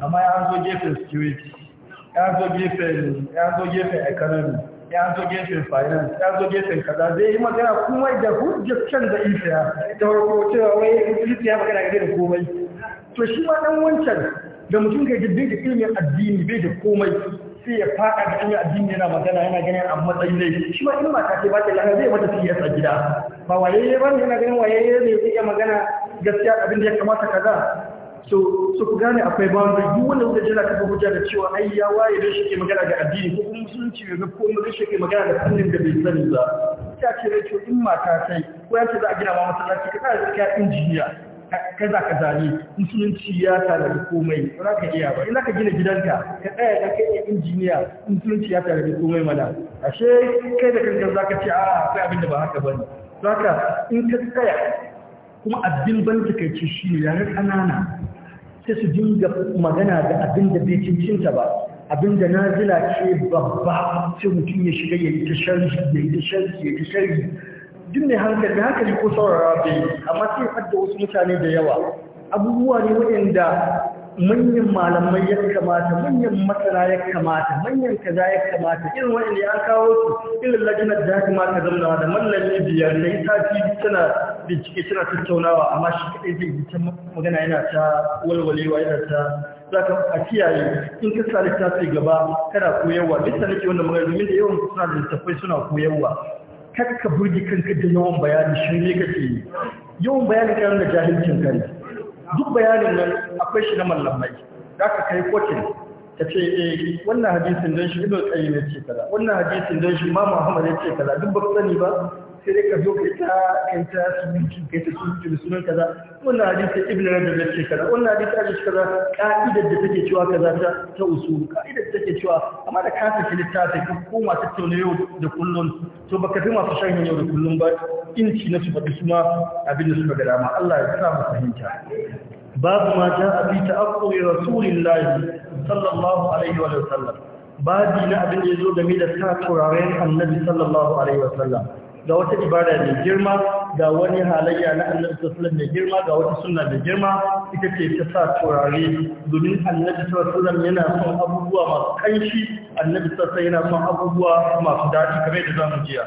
amma ya zo gefen security ya zo gefen ya zo gefen economy ya zo gefen finance ya zo gefen kaza zai yi magana kuma da hujjar da isa ta farko cewa wai musulunci ya magana gare da komai to shi ma dan wancan da mutum ka jirgin da ilimin addini bai da komai sai ya faɗa da ɗanyar addini yana magana yana ganin a matsayin zai shi ma in mata ce ba ta lafiya zai mata a gida ba wayayye ba ne yana ganin wayayye ne zai iya magana gaskiya abin da ya kamata kaza so so ku gane akwai boundary duk wanda kuka jira kafa hujja da cewa ai ya waye da shi ke magana da addini ko kuma musulunci ne ko kuma shi ke magana da fannin da bai sani ba ta ce rai to in mata sai ko ya za a gina ma masallaci ka tsaya gaskiya injiniya kaza kaza ne musulunci ya da komai ba za ka iya ba Ina ka gina gidanka ka tsaya da kai injiniya musulunci ya da komai mana ashe kai da kanka za ka ce a ah, akwai abin da ba haka ba ne za in ka tsaya kuma abin ban takaici shi ne yaran kanana sai su dinga magana da abin da bai cincinta ba abin da nazila ce babba sai mutum ya shiga ya yi ta sharri ya yi ta sharri ya sharri duk ne hankali hankali ko saurara bai amma sai hadda wasu mutane da yawa abubuwa ne waɗanda manyan malamai ya kamata manyan masana ya kamata manyan kaza ya kamata irin waɗanda ya kawo su irin lajinar da haka ma ka zamna da mallami biyar na yi sati tana bincike tana tattaunawa amma shi kaɗai zai yi ta magana yana ta walwalewa yana ta za ka a kiyaye in ka sa littafi gaba kana koyarwa duk da nake wanda magana domin da yawan suna da littafai suna koyarwa kakka burge kanka da yawan bayani shi ne ka yi yawan bayani kan da jahilcin kai duk bayanin nan akwai shi na mallamai zaka kai kotin ta ce eh wannan hadisin dan shi ibn qayyim ce kaza wannan hadisin dan shi imam ahmad ce kaza duk ba sani ba sai ka zo ka ta kai ta sunutu kai ta sunutu da sunan kaza wannan hadisi ibn rajab ya ce kaza wannan hadisi ya ce kaza ka'idar da take cewa kaza ta ta usul ka'idar da take cewa amma da ka ta saki littafi ka koma tattauna yau da kullun to baka fi masu shan yau da kullun ba inci na su faɗi su ma abin da suka ga dama Allah ya sa mu fahimta babu ma ja'a fi ta'aqquri rasulillahi sallallahu alaihi wa sallam babi na abin da ya zo game da ta turaren annabi sallallahu alaihi wa sallam ga wata ibada mai girma ga wani halayya na annabi sallallahu mai girma ga wata sunna mai girma ita ce ta sa turare domin annabi sallallahu yana son abubuwa masu kanshi annabi sallallahu yana son abubuwa masu daɗi kamar yadda zamu jiya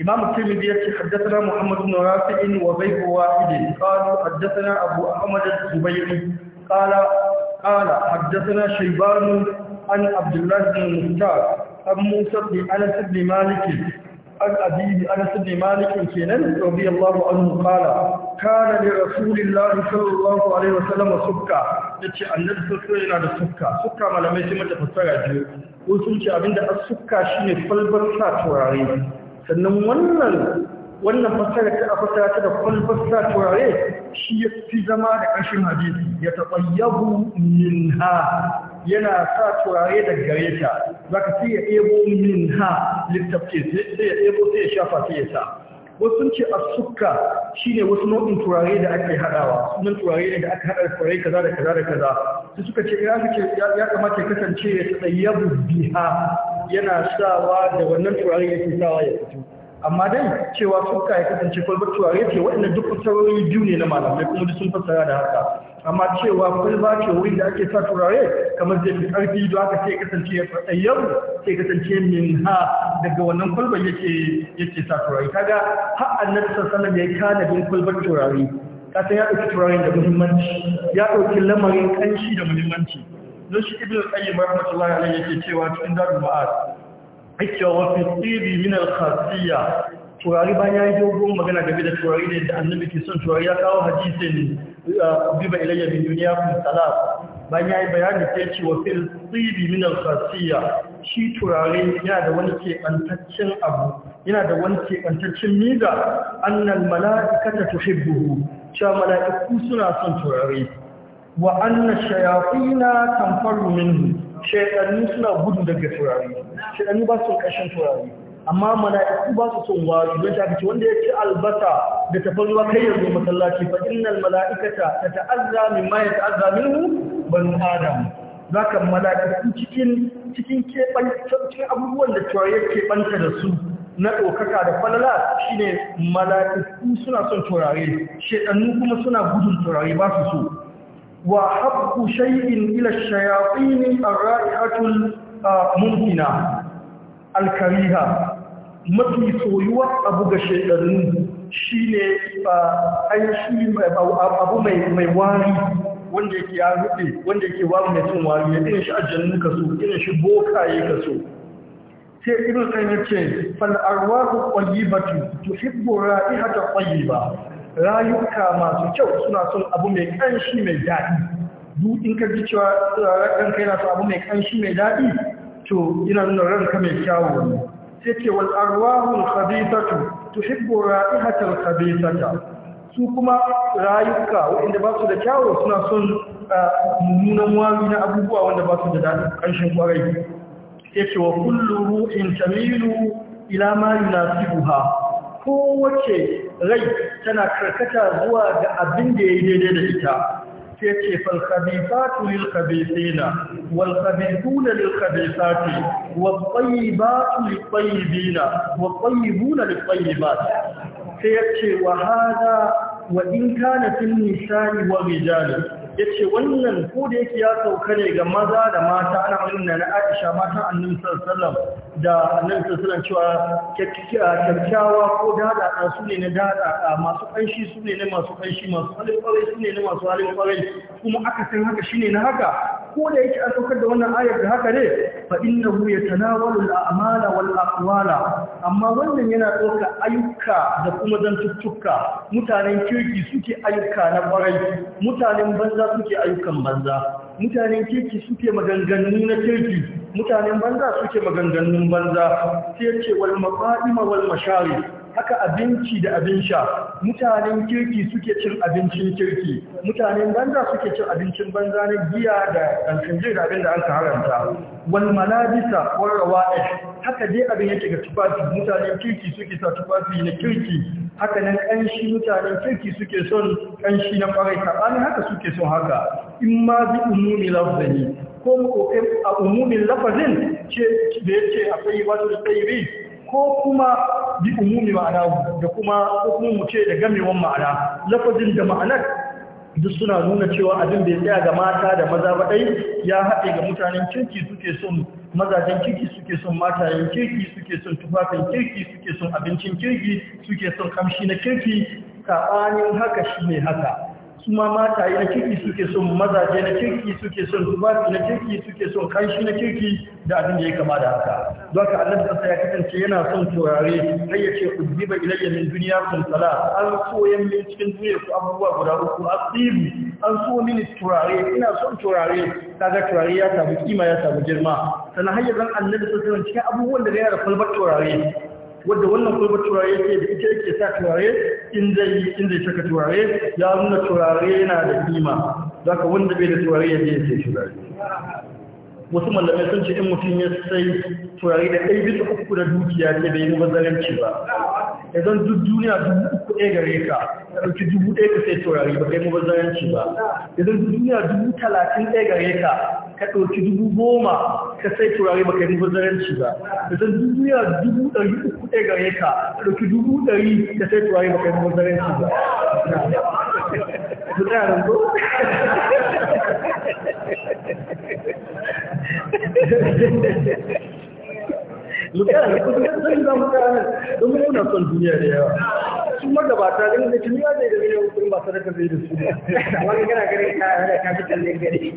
إمام الترمذي يحكي حدثنا محمد بن رافع وبيع واحد قالوا حدثنا أبو أحمد الزبيري قال قال حدثنا شيبان عن عبد الله بن مختار عن موسى بن أنس بن مالك عن أبيه أنس بن مالك كينان رضي الله عنه قال كان لرسول الله صلى الله عليه وسلم سكة yace annabi sallallahu yana da sukka sukka malamai sai mata fassara biyu ko sun ce abinda as sukka shine falbar sa turare sannan wannan wannan fassara ta a fassara ta da falbar sa turare shi ya fi zama da ƙarshen hadisi ya taɓayyabu minha yana sa turare da gare ta zaka sai ya ebo min ha littafin sai ya ebo sai ya shafa sai ya sa wasu ce a suka shine wasu nau'in turare da ake haɗawa sunan turare ne da aka haɗa turare kaza da kaza da kaza su suka ce ya kace ya kamata ya kasance ya yabu biha yana sawa da wannan turare yake sawa ya fito amma dai cewa suka ya kasance kwalbar turare ce waɗanda duk fassarori biyu ne na malamai kuma sun fassara da haka amma cewa kwalba ce wuri da ake sa turare kamar zai fi ƙarfi da haka sai kasance ya yau sai kasance min ha daga wannan kwalba yake yake sa turare kaga har annabi sallallahu alaihi wasallam ya bin kwalbar turare kasan ya ɗauki turare da muhimmanci ya ɗauki lamarin ƙanshi da muhimmanci don shi ibn al-qayyim rahmatullahi alaihi yake cewa cikin darul ma'ad hakka wa fi tibi min al khasiya turare bayan ya yi dogon magana game da turare da annabi ke son turare ya kawo hadisin biba ilayya min duniya kun salat bayan yayi bayani sai ce wa fil tibi min al shi turare yana da wani kebantaccen abu yana da wani kebantaccen miza annal malaikata tuhibbuhu cewa mala'iku suna son turare wa anna shayatina tanfaru minhu shaytanu suna gudu daga turare shaytanu ba su kashin turare amma mala'iku ba su son wari don ta ce wanda ya ci albasa da tafarnuwa kai yanzu masallaci fa innal mala'ikata ta ta'azza min ma ya ta'azza minhu banu adam mala'iku cikin cikin abubuwan da tawaye ke banta da su na ɗaukaka da falala shine mala'iku suna son turare shaiɗannu kuma suna gudun turare ba su so wa habbu shay'in ila a ar-ra'ihatul ah, mumkina alkariha mafi soyuwa abu ga shekarun shi ne ainihi abu mai wari wanda yake ya rufe wanda yake wari mai cin wari ya ɗin shi ajiyarun ka so shi bokaye ka so sai irin kan ya ce to fal'arwaru ƙwayibatu tuhibbu ra'ihata ba. rayuka masu kyau suna son abu mai ƙanshi mai daɗi duk in ka ji cewa kai yana su abu mai ƙanshi mai daɗi to ina nuna ranka mai kyawu ne sai ce wal arwahul khabithatu tuhibbu ra'ihatal khabithata su kuma rayuka waɗanda ba su da kyawu suna son mummunan wari na abubuwa wanda ba su da dadi kanshin kwarai sai ce wa kullu ruhin tamilu ila ma yunasibuha kowace rai tana karkata zuwa ga abin da ya yi daidai da ita ke ce falkhabithatu lil khabithina wal khabithuna lil khabithati wat tayyibatu lit tayyibina wat tayyibuna lit tayyibat sai ce wa hada wa in kana fil nisa'i wa rijal yace wannan ko da yake ya sauka ne ga maza da mata ana magana na Aisha mata Annabi sallallahu da Annabi sallallahu cewa kyakkyawa ko dada da su ne na dada masu kanshi su ne na masu kanshi masu alƙawari su ne na masu alƙawari kuma aka san haka shine na haka ko da yake a saukar da wannan ayar da haka ne fa innahu yatanawalu al-a'mala wal aqwala amma wannan yana ɗaukar ayyuka da kuma zantuttuka mutanen kirki suke ayyuka na ƙwarai mutanen banza suke ayyukan banza mutanen kirki suke maganganu na kirki mutanen banza suke maganganun banza sai ce wal maqaima wal masharif haka abinci da abin sha mutanen kirki suke cin abincin kirki mutanen banza suke cin abincin banza na giya da alfinjir da abin da aka haranta wal malabisa wal rawa'ih haka dai abin yake ga tufafi mutanen kirki suke sa tufafi na kirki haka nan ƙanshi mutanen kirki suke son ƙanshi na kwarai sabanin haka suke son haka in ma bi umumi lafzani ko mu kokin a umumin lafazin ce da yake akwai wasu tsayi ko kuma bi umumi ma'ana da kuma kuma mu ce da gamewan ma'ana lafazin da ma'anar duk suna nuna cewa abin da ya tsaya ga mata da maza ba dai ya haɗe ga mutanen kirki suke son mazajen kirki suke son matayen kirki suke son tufafin kirki suke son abincin kirki suke son kamshi na kirki saɓanin haka shi shine haka su ma yi na kirki suke son mazaje na kirki suke son tubafi na kirki suke son kanshi na kirki da abin da ya kama da haka don ka annabi sassa ya kasance yana son turare har ya ce ku ilayya min duniya kun sala an soyan min cikin duniya ku abubuwa guda uku asibu an so mini turare ina son turare kaga turare ya samu kima ya samu girma sannan har yanzu annabi sassa cikin abubuwan da yana da turare wadda wannan kulbar turare ke da ita yake sa turare in zai in zai saka turare ya nuna turare yana da kima zaka wanda bai da turare ya je sai turare wasu mallamai sun ce in mutum ya sai turare da ɗaya bisa uku da dukiya ce bai yi mazalanci ba ya zan duk duniya dubu uku ɗaya gare ka ka ɗauki dubu ɗaya ka sai taurari ba kai mu bazaranci ba ya zan duk duniya dubu talatin ɗaya gare ka ka ɗauki dubu goma ka sai taurari ba kai mu bazaranci ba ya zan duk duniya dubu ɗari uku ɗaya gare ka ka ɗauki dubu ɗari ka sai taurari ba kai mu bazaranci ba su tsaya rango mutane ko da zai za mu tsaya don mu na son duniya da yawa su magabata din da kimiyya da da yau kun ba sadaka zai da su wani kana gare ka ka fi kalle gare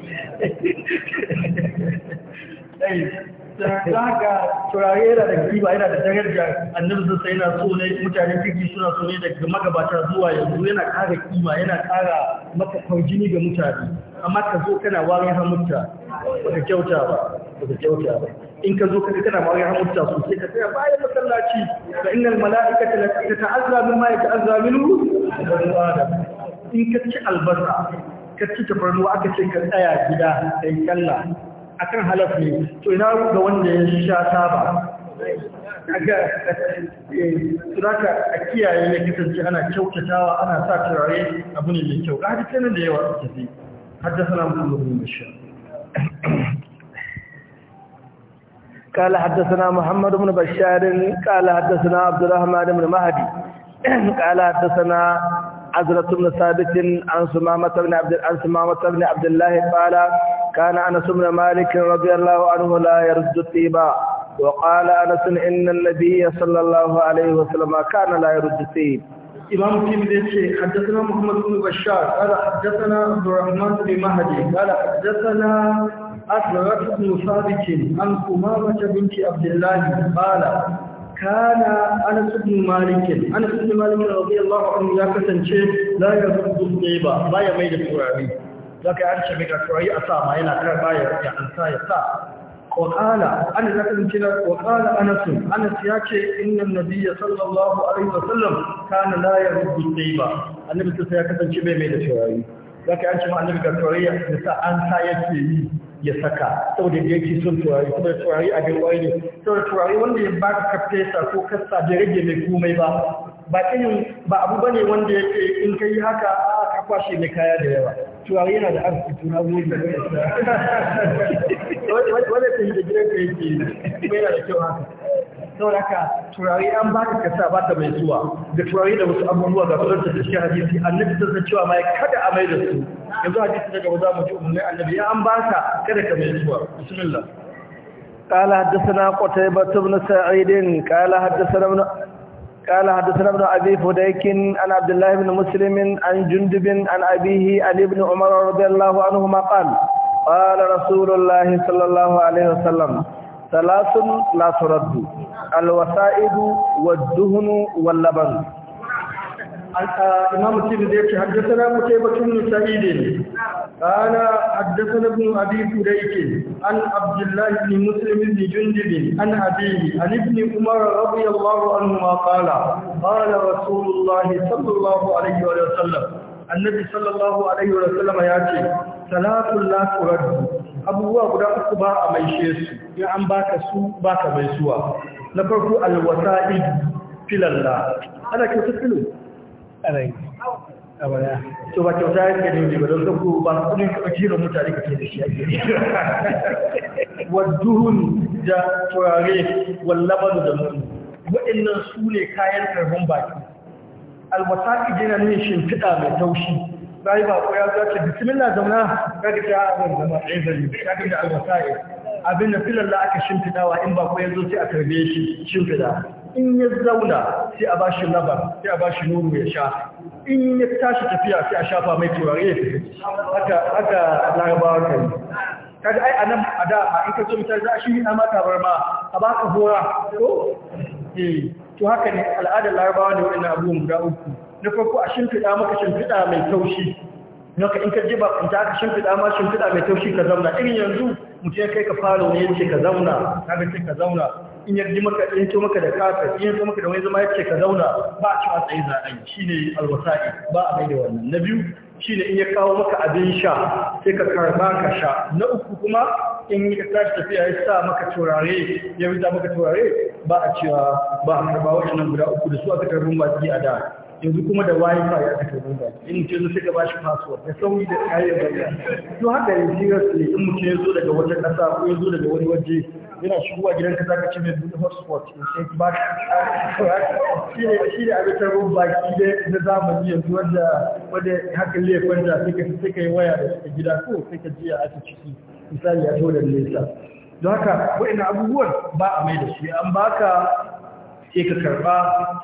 daga turare yana da kiba yana da daraja annabi sun sai yana so ne mutanen kirki suna so ne daga magabata zuwa yanzu yana kara kima yana kara maka kwarjini ga mutane amma ka zo kana warin hamutta baka kyauta ba baka kyauta ba in ka zo kai kana mawai hamurta su sai ka tsaya bayan masallaci fa innal mala'ikata la tata'azza mimma yata'azza minhu in ka ci albasa ka ci tafarnuwa aka ce ka tsaya gida kai kalla akan halaf ne to ina ga wanda ya sha saba kaga suraka eh, a kiyaye ya kasance ana kyautatawa ana sa turare abu ne mai kyau ga hadisi da yawa tafi haddasa namu kullu da قال حدثنا محمد بن بشار قال حدثنا عبد الرحمن بن مهدي قال حدثنا عزرة بن ثابت عن سمامة بن عبد عن سمامة بن عبد الله قال كان أنس بن مالك رضي الله عنه لا يرد الطيبة وقال أنس إن النبي صلى الله عليه وسلم كان لا يرد الطيب إمام تيمية حدثنا محمد بن بشار قال حدثنا عبد الرحمن بن مهدي قال حدثنا أثرت ابن ثابت عن أمامة بنت عبد الله قال كان أنس بن مالك أنس بن مالك رضي الله عنه يا كسنشي لا يرد الطيبة لا يميل الترابي ذاك أنشا بك ترعي أسامة هنا كربا يا أنسا يسا وقال أنا ذاك الانتلاك وقال أنس أنس ياكي إن النبي صلى الله عليه وسلم كان لا يرد الطيبة النبي صلى الله عليه وسلم كسنشي بيميل الترابي zaka yanci ma annabi ga turare da sa an sa yake yi ya saka saboda da yake son turare kuma turare a gawayi ne saboda turare wanda ya ba baka kafesa ko kasta da rage mai komai ba ba irin ba abu bane wanda yake in kai haka a ka kwashe mai kaya da yawa turare yana da arziki tuna wuri da wani wanda ta yi da gidan ka yake kuma yana da kyau haka saboda haka turare an ba ka kasa ba ta mai zuwa da turare da wasu abubuwa ga kudin da hadisi annabi sun san cewa mai kada a mai da su yanzu hadisi daga ba za mu ji annabi ya an ba ka kada ka mai zuwa bismillah قال حدثنا قتيبة بن سعيد قال حدثنا ابن قال حدثنا ابن أبي فديك عن عبد الله بن مسلم عن جندب عن أبيه عن ابن عمر رضي الله عنهما قال قال رسول الله صلى الله عليه وسلم ثلاث لا ترد الوسائد والدهن واللبن الإمام الترمذي يقول حدثنا قتيبة بن سعيد قال حدثنا ابن أبي بريك عن عبد الله بن مسلم بن جندب عن أبيه عن ابن عمر رضي الله عنهما قال قال رسول الله صلى الله عليه وسلم النبي صلى الله عليه وسلم يأتي ثلاث لا ترد abubuwa guda uku ba a maishe su in an baka su baka mai suwa na farko alwasa'id filalla ana kyauta filin? ana yi a baya to ba kyauta ya ke ne ba don zaku ba su kudin ka jiran mutane ka ke da shi ake wadduhun da turare wallaban da mun waɗannan su ne kayan karbon baki alwasa'id yana nishin fiɗa mai taushi bayi ba ko ya zace bismillah zauna kaga ta abin zama ɗaya zari kaga da almasai abin da filalla aka shimfida wa in ba ko ya zo sai a karbe shi shimfida in ya zauna sai a bashi labar sai a bashi nuru ya sha in ya tashi tafiya sai a shafa mai turare ya tafi haka haka larabawa kai kaga ai anan a da in ka zo mutar za a shi na mata barma a baka hora ko eh to haka ne al'adar larabawa ne wannan abubuwan guda uku na farko a shimfiɗa maka shimfiɗa mai taushi naka in ka ji ba in ta aka shimfiɗa ma shimfiɗa mai taushi ka zauna irin yanzu mutum ya kai ka fara wani yace ka zauna ka ga ka zauna in ya ji maka in to maka da kafa in ya zo maka da wani zama yace ka zauna ba a cewa tsaye za a yi shine alwasa'i ba a mai da wannan na biyu shi ne in ya kawo maka abin sha sai ka karba ka sha na uku kuma in ka tashi tafiya ya sa maka turare ya wuta maka turare ba a cewa ba a karba waɗannan guda uku da su aka tarbi baki a da yanzu kuma da wifi ya fito nan da in ce sai ka bashi password da sauri da kayan bayan to haka ne seriously in mutum ya zo daga wata ƙasa ko ya zo daga wani waje yana shigowa gidan ka ka ce mai buɗe hotspot in ce ba shi ne shi ne abin tarbon baki da na zamani yanzu wanda wanda hakan ya kwanta sai ka sai ka yi waya da suka gida ko sai ka jiya a ciki misali a to da nesa don haka wa'in abubuwan ba a mai da shi an baka sai ka karba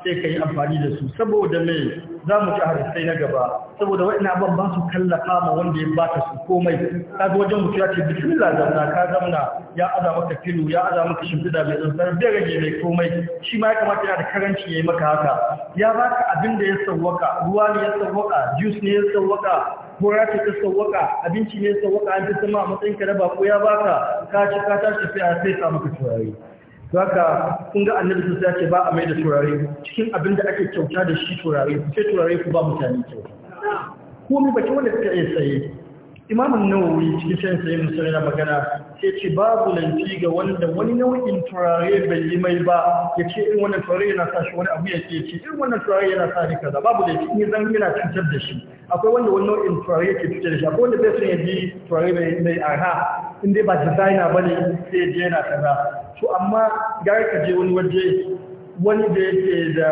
sai ka yi amfani da su saboda mai za mu ci sai na gaba saboda ina ban ba su kallafa ma wanda ya ta su komai ta ga wajen mutu ya ce bismillah zamna ka zamna ya aza maka filu ya aza maka shimfida mai zanzar bai rage mai komai shi ma ya kamata yana da karanci ya yi maka haka ya baka abin da ya sauwaka ruwa ne ya sauwaka juice ne ya sauwaka kora ce ta sauwaka abinci ne ya sauwaka an fi sama a matsayin ka na bako ya baka ka ci ka tashi sai a sai sa maka turare Zaka, kun ga annabi sun ya ba a mai da turare cikin abin da ake kyauta da shi turare ku turare ku ba mutane kyauta ko mu baki wanda suka iya saye an nawawi cikin sayin sai mun na magana sai ce babu lanti ga wanda wani nau'in turare bai yi mai ba ya ce irin wannan turare yana sa shi wani abu ya ce irin wannan turare yana sa ni kaza babu da in zan yana cutar da shi akwai wanda wani nau'in turare ke fice da shi akwai wanda bai son ya bi turare mai arha inda dai ba designer ba ne sai je yana kaza to amma gara ka je wani waje wani da yake da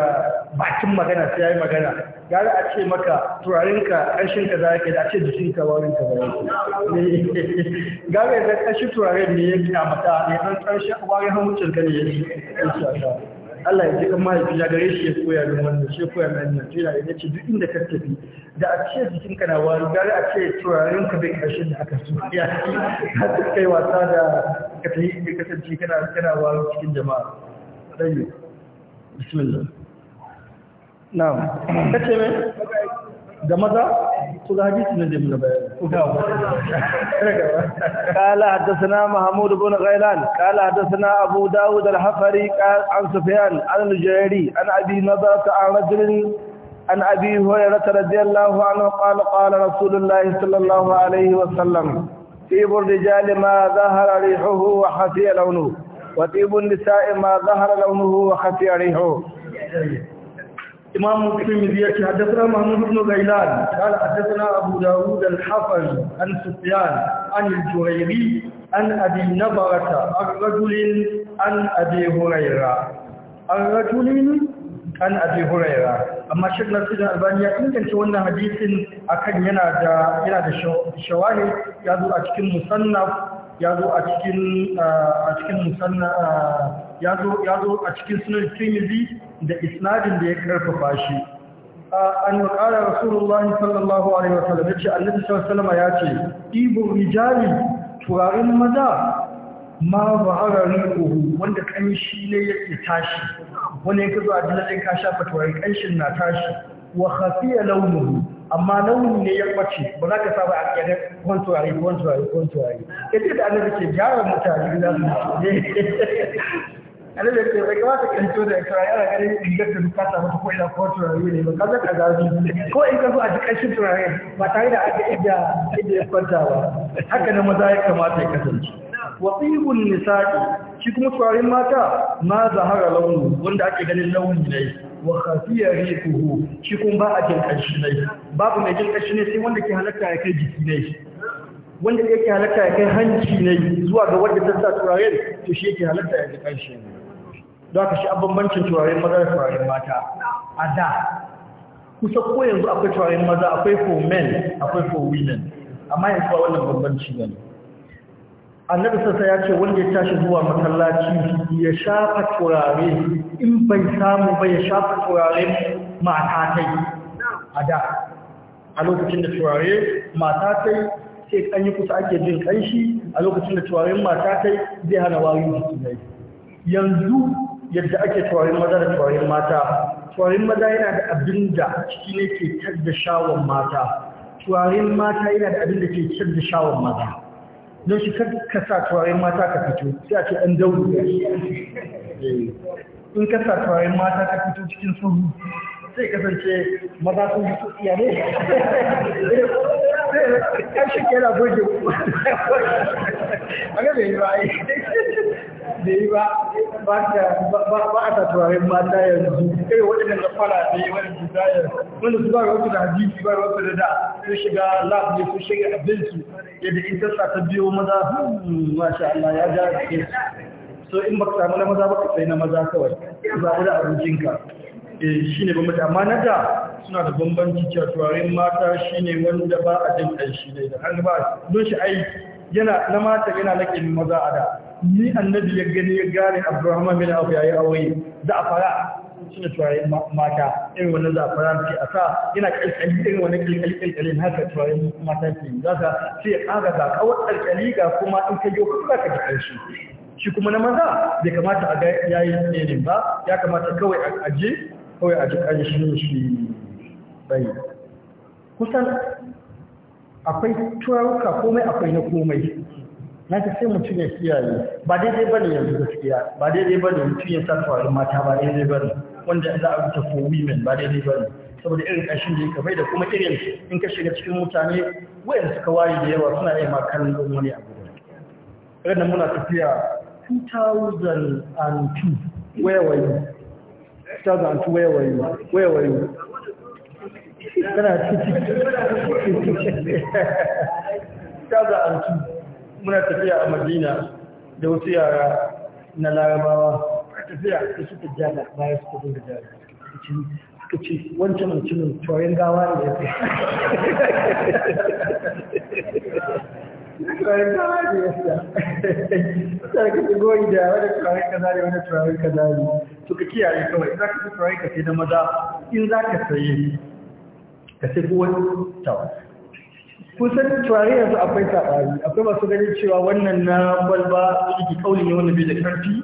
bakin magana sai yayi magana gara a ce maka turarenka ƙarshen ka za ka da a ce ka warin ka zai gara ya zai ƙarshen turaren ne ya kyamata ne an ƙarshen warin hamucin ka ne ya ce Allah ya ji kan mahaifi ya gare shi ya koya da wannan shi koya min wannan tira ya ce duk inda ka tafi da a ce jikin ka na wari gare a ce turarin ka bai karshen da aka so ya ci har ta kai wasa da ka yi da kasance kana kana wani cikin jama'a dai bismillah na'am kace me da maza قال حدثنا محمود بن غيلان قال حدثنا أبو داود الحفري قال عن سفيان عن الجيري عن أبي نضرة عن رجل عن أبي هريرة رضي الله عنه قال قال رسول الله صلى الله عليه وسلم طيب الرجال ما ظهر ريحه وخفي لونه وطيب النساء ما ظهر لونه وخفي ريحه إمام الترمذي حدثنا محمود بن غيلان قال حدثنا أبو داود الحفظ عن سفيان عن الجريري عن أبي نبرة عن رجل عن أبي هريرة عن رجل عن أبي هريرة أما شيخ نصر الألباني إن كان حديث أكن ينا دا ينا دا شواهد يادو أتكن مصنف يادو أتكن أتكن مصنف يادو يادو أتكن سنة الترمذي da isnadin da ya karfafa shi an qala rasulullah sallallahu alaihi wasallam yace annabi sallallahu ya ce ibu rijali turarin maza ma bahara riquhu wanda kanshi ne ya tashi wani yake zuwa dillalin ka shafa turarin kanshin na tashi wa khafiya launuhu amma launi ne ya bace ba za ka saba a kiyar kwan turare kwan turare kwan turare yadda da annabi ke gyara mutane su ne kada da ke bai kamata ka fito da kira yana gare inganta bukata mata ko ina ko turare ne ba kaza kaza ko in ka zo a ji kashin turare ba tare da aka iya inda ya kwanta ba haka na maza ya kamata ya kasance wasibun nisa'i shi kuma turarin mata ma zahara launu wanda ake ganin launi ne wa khafiya riquhu shi kuma ba a jin kashi ne babu mai jin kashi ne sai wanda ke halatta ya kai jiki ne wanda yake halatta ya kai hanci ne zuwa ga wanda ta sa turare to shi yake halatta ya ji kanshi ne don haka shi a bambancin turaren maza da turaren mata a da kusa ko yanzu akwai turaren maza akwai for men akwai for women amma yanzu ba wannan bambanci ne annabi sassa ya ce wanda ya tashi zuwa masallaci ya shafa turare in bai samu ba ya shafa turare mata kai a da a lokacin da turare mata kai sai an yi kusa ake jin kanshi a lokacin da tuwarin mata kai zai hana warin jiki ne yanzu yadda ake tuwarin maza da tuwarin mata tuwarin maza yana da abin da ciki ne ke tar da shawon mata tuwarin mata yana da abin da ke tar da shawon maza don shi ka sa tuwarin mata ka fito sai a ce an daure eh. in ka sa tuwarin mata ka fito cikin sahu sai kasance maza sun ji tsakiya ne sai shi ke yana goge a ga bai yi ba da yi ba ba a taturarin mata yanzu kai waɗannan da fara da yi wani desire wani su ba wasu da hadisi ba wasu da da sun shiga lab ne sun shiga abinci yadda in tasa ta biyo maza hmm, masha Allah ya ja da so in baka samu na maza baka sai na maza kawai zaɓi da abincinka Eh, shi ne bambanci amma na da suna da bambanci cewa turaren mata shi ne wanda ba a jin shi ne. da an ba don shi ai yana na mata yana ƙin maza a da ni annabi ya gani ya gane Abdurrahman bin ya yayi aure za a fara shine turaren mata irin wani za a fara fi a sa yana ƙalƙali irin wannan haka turaren mata ke za ka sai ya kaga ga kawar ga kuma in ka yi ka ji kanshi shi kuma na maza bai kamata a ga yayin ne ba ya kamata kawai a aje kawai a jikin shi shi bai kusan akwai turaruka komai akwai na komai na ta sai mutum ya kiyaye ba daidai ba ne yanzu gaskiya ba daidai ba ne mutum ya sa turarin mata ba daidai ba ne wanda za a rubuta for women ba daidai ba ne saboda irin ƙanshin da ya kamai da kuma irin in ka shiga cikin mutane wayan suka waye da yawa suna iya makarin don wani abu da muna tafiya 2002 waya wayo 2002 where were you where were tana ciki 2002 muna tafiya a madina da wasu yara na larabawa tafiya da suka jana bayan suka zo da jada suka ce wancan mutumin tawayin gawa ne ya fi turaren kama ne yasta sarki su goyi da wani turaren kaza ne wani turaren kaza ne to ka kiyaye kawai za ka fi turaren ka sai na maza in za ka saye ka sai ko wani tawa kusan turare yanzu akwai saɓari akwai masu ganin cewa wannan na kwalba shi kauli ne wanda bai da karfi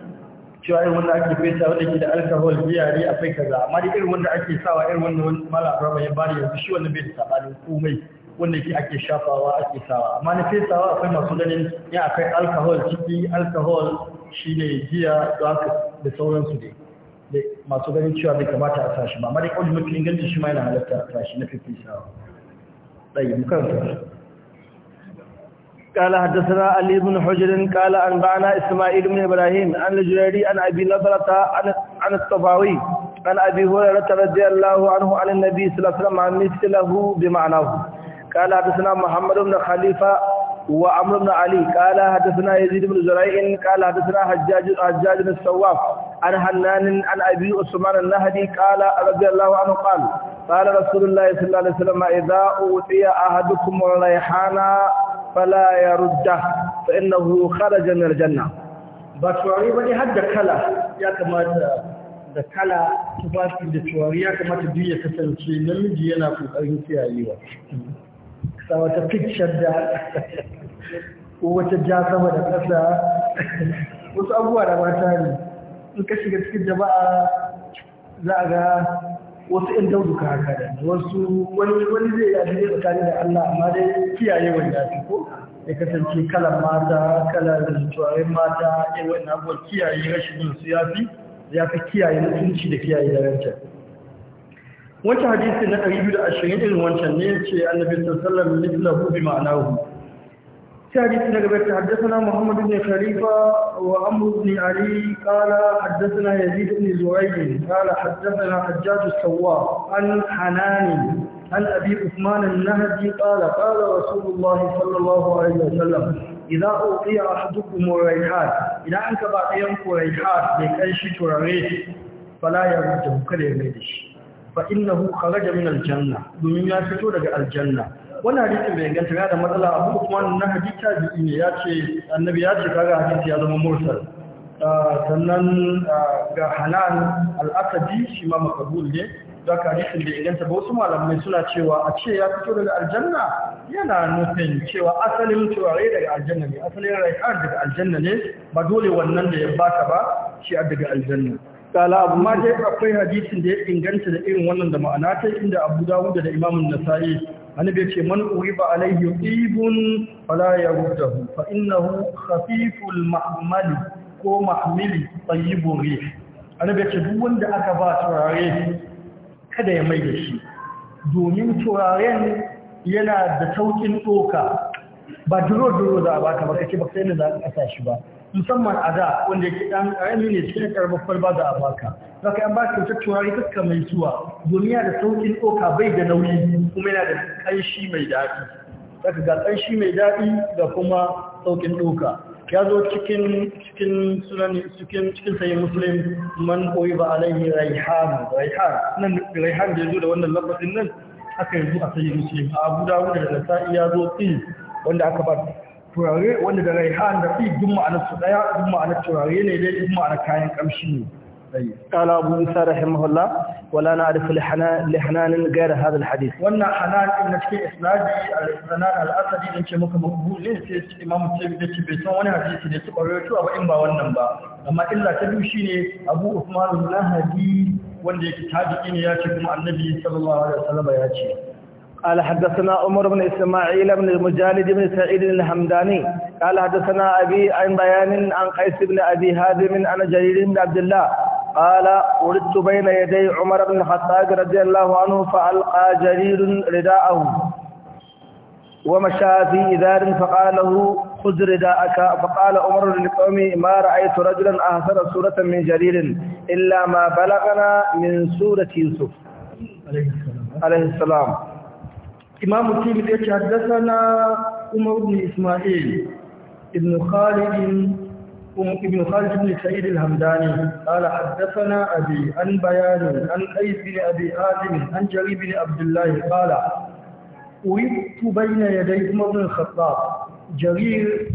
cewa irin wanda ake fesa wanda ke da alkahol, biya ne akwai kaza amma irin wanda ake sawa irin wanda wani malam raba bari yanzu shi wanda bai da saɓanin komai wanda shi ake shafawa ake sawa amma na fesawa akwai masu ganin ya akwai alcohol ciki alcohol shine giya da da sauransu dai da masu ganin cewa bai kamata a sashi ba amma dai kawai mafi inganci shi ma yana halatta a sashi na fesawa tsaye mukan قال حدثنا علي بن حجر قال أنبعنا إسماعيل بن إبراهيم عن الجريري عن أبي نظرة عن الطباوي عن أبي هريرة رضي الله عنه عن النبي صلى الله عليه وسلم عن مثله بمعناه قال حدثنا محمد بن خليفة وعمر بن علي قال حدثنا يزيد بن زريع قال حدثنا حجاج حجاج بن السواف عن حنان عن أبي عثمان النهدي قال رضي الله عنه قال قال رسول الله صلى الله عليه وسلم إذا أوتي أحدكم الريحانة فلا يرده فإنه خرج من الجنة بشواري وني حد كلا يا كما da kala tufafi da tuwari ya kamata duk ya kasance namiji yana kokarin kiyayewa sa wata picture da wata ja sama da ƙasa wasu abubuwa da mata ne in ka shiga cikin jama'a za a ga wasu daudu ka haka da wasu wani zai yi ajiye tsakani da Allah amma dai kiyaye wanda fi ko ya kasance kalan mata kalan tuwayen mata ya wani abubuwan kiyaye rashin su ya fi ya fi kiyaye mutunci da kiyaye darajar wancan hadisi na 220 irin wancan ne ce annabi sallallahu alaihi wasallam bi ma'anahu sai hadisi na gaba ta haddathana Muhammad ibn Khalifa wa Amr ibn Ali qala haddathana Yazid ibn Zuhayd qala haddathana Hajjaj as-Sawwar an Hanani عن أبي عثمان النهدي قال قال رسول الله صلى الله عليه وسلم إذا أعطي أحدكم ريحان إذا أنك بعد يوم ريحان لكي شتر ريح فلا يرده كلمة شيء fa innahu kharaja min aljanna domin ya fito daga aljanna wannan hadisi bai inganta ya da matsala abu kuma na hadisi ya ce annabi ya ce kaga hadisi ya zama mursal ah, sannan ah, ga hanan al-asadi shi ma ne da hadisin bai ganta ba wasu malamai suna cewa a ce ya fito daga aljanna yana nufin cewa asalin turare daga aljanna ne asalin rai'ar daga aljanna ne ba dole wannan da ya baka ba shi daga aljanna ma dai akwai hadisin da ya inganta da irin wannan da ma'ana ta inda abu dawuda da imamun nasa'i annabi bai ce man uriba alaihi ibun fala yaruddahu fa hu khafiful Ma'amali ko ma'amili tayyibur rih annabi bai ce duk wanda aka ba turare kada ya mai da shi domin turaren yana da saukin doka ba duro duro za a baka ba ce ba kai za a kasa shi ba musamman a da wanda ke ɗan ƙarami ne cikin ƙarfafar kwalba da a baka za ka yi ba kyauta turare kakka mai zuwa domin yana da sauƙin ɗoka bai da nauyi kuma yana da ƙanshi mai daɗi za ka ga ƙanshi mai daɗi ga kuma sauƙin ɗoka ya zo cikin cikin sunan cikin cikin sayi muslim man koyi ba alaihi raihan raihan nan raihan da yazo da wannan lafazin nan aka yanzu a sayi muslim a abu dawud da nasa'i ya zo tsi wanda aka ba turare wanda da raihan da fi dun na su daya dun ma'anar turare ne dai dun ma'anar kayan kamshi ne قال أبو موسى رحمه الله ولا نعرف لحنان غير هذا الحديث وانا حنان ان في اسنادي الحنان الاسدي ان كما مقبول ليس امام الترمذي بيت وانا حديث ده تقريته ابا ان با wannan ba amma illa ta du shine abu usman bin lahadi wanda yake tabi'i ne ya ce kuma annabi sallallahu alaihi wasallam ya ce قال حدثنا عمر بن إسماعيل بن المجالد بن سعيد الحمداني قال حدثنا أبي عن بيان عن قيس بن أبي هادم عن جرير بن عبد الله قال ولدت بين يدي عمر بن الخطاب رضي الله عنه فألقى جرير رداءه ومشى في إذار فقال له خذ رداءك فقال عمر لقومي ما رأيت رجلا أحسن سورة من جرير إلا ما بلغنا من سورة يوسف عليه السلام, عليه السلام إمام tibit حدثنا ce بن إسماعيل umar ibn ابن خالد بن سعيد الهمداني قال حدثنا أبي عن بيان عن قيس بن أبي آدم عن جري بن عبد الله قال أريدت بين يدي عمر بن الخطاب جرير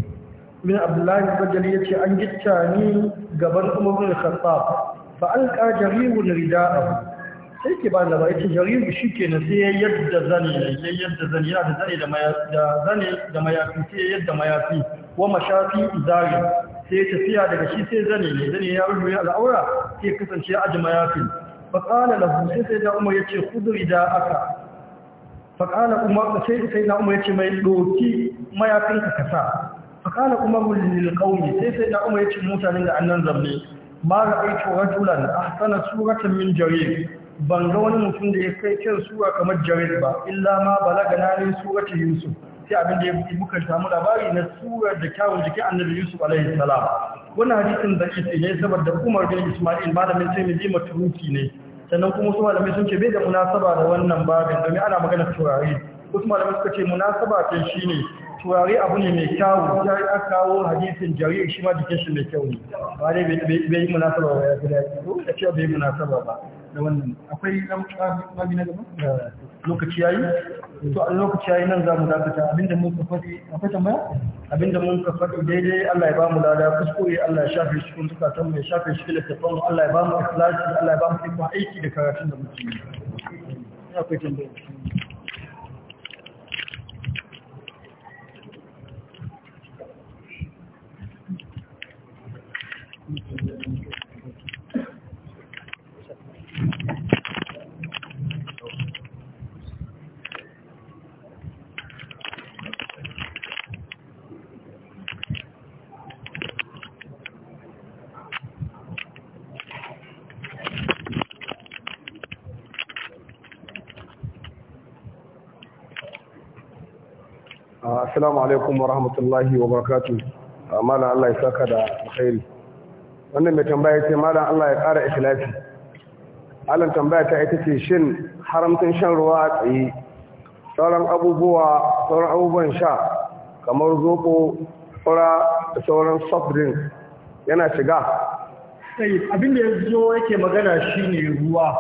بن عبد الله بن أن جتاني قبل عمر بن الخطاب فألقى جرير رداءه sai ke ba da ba yake jariri shi ke sai ya yadda zane ya yadda zane yana da zane da mayafi da mayafi sai yadda mayafi wa mashafi zari sai ya tafiya daga shi sai zane ne zane ya rubu ya al'aura sai ya kasance aji mayafi faƙala na sai sai da umar ya ce kudu da aka faƙala umar sai sai da umar ya ce mai ɗoki mayafin ka kasa faƙala umar lil qaumi sai sai da umar ya ce mutanen da annan zamne ma ra'aytu rajulan ahsana suratan min jarir ban ga wani mutum da ya kai kyan suwa kamar jawil ba illa ma balaga na ne surati yusuf sai abin da ya muka samu labari na surar da kyawun jikin annabi yusuf alaihi salam wannan hadisin da ke ne saboda umar bin isma'il malamin taimidi turuki ne sannan kuma wasu malamai sun ce bai da munasaba da wannan babin domin ana magana turare wasu malamai suka ce munasaba ta shi ne turare abu ne mai kyawu ya yi kawo hadisin jari'ar shi ma jikin shi mai kyau ne ba dai bai yi munasaba ba ya fi da ya ce bai yi munasaba ba da wannan akwai rami na gaba lokaci yayi to a lokaci yayi nan zamu dakata abinda mun ka faɗi akwai tambaya abinda mun ka faɗi daidai Allah ya bamu lada kuskure Allah ya shafe shi kun zukatan mu ya shafe shi kila tafan Allah ya bamu ikhlasi Allah ya bamu ikon aiki da karatun da muke yi akwai tambaya assalamu alaikum wa rahmatullahi wa barakatu ah, malam Allah ya saka da alkhairi wannan mai tambaya ce malam Allah ya ƙara ikhlasi alan tambaya ta ita ce shin haramtun shan ruwa a tsaye sauran abubuwa sauran abubuwan sha kamar zoko fura da sauran soft drink yana shiga sai abin da ya zo yake magana shine ruwa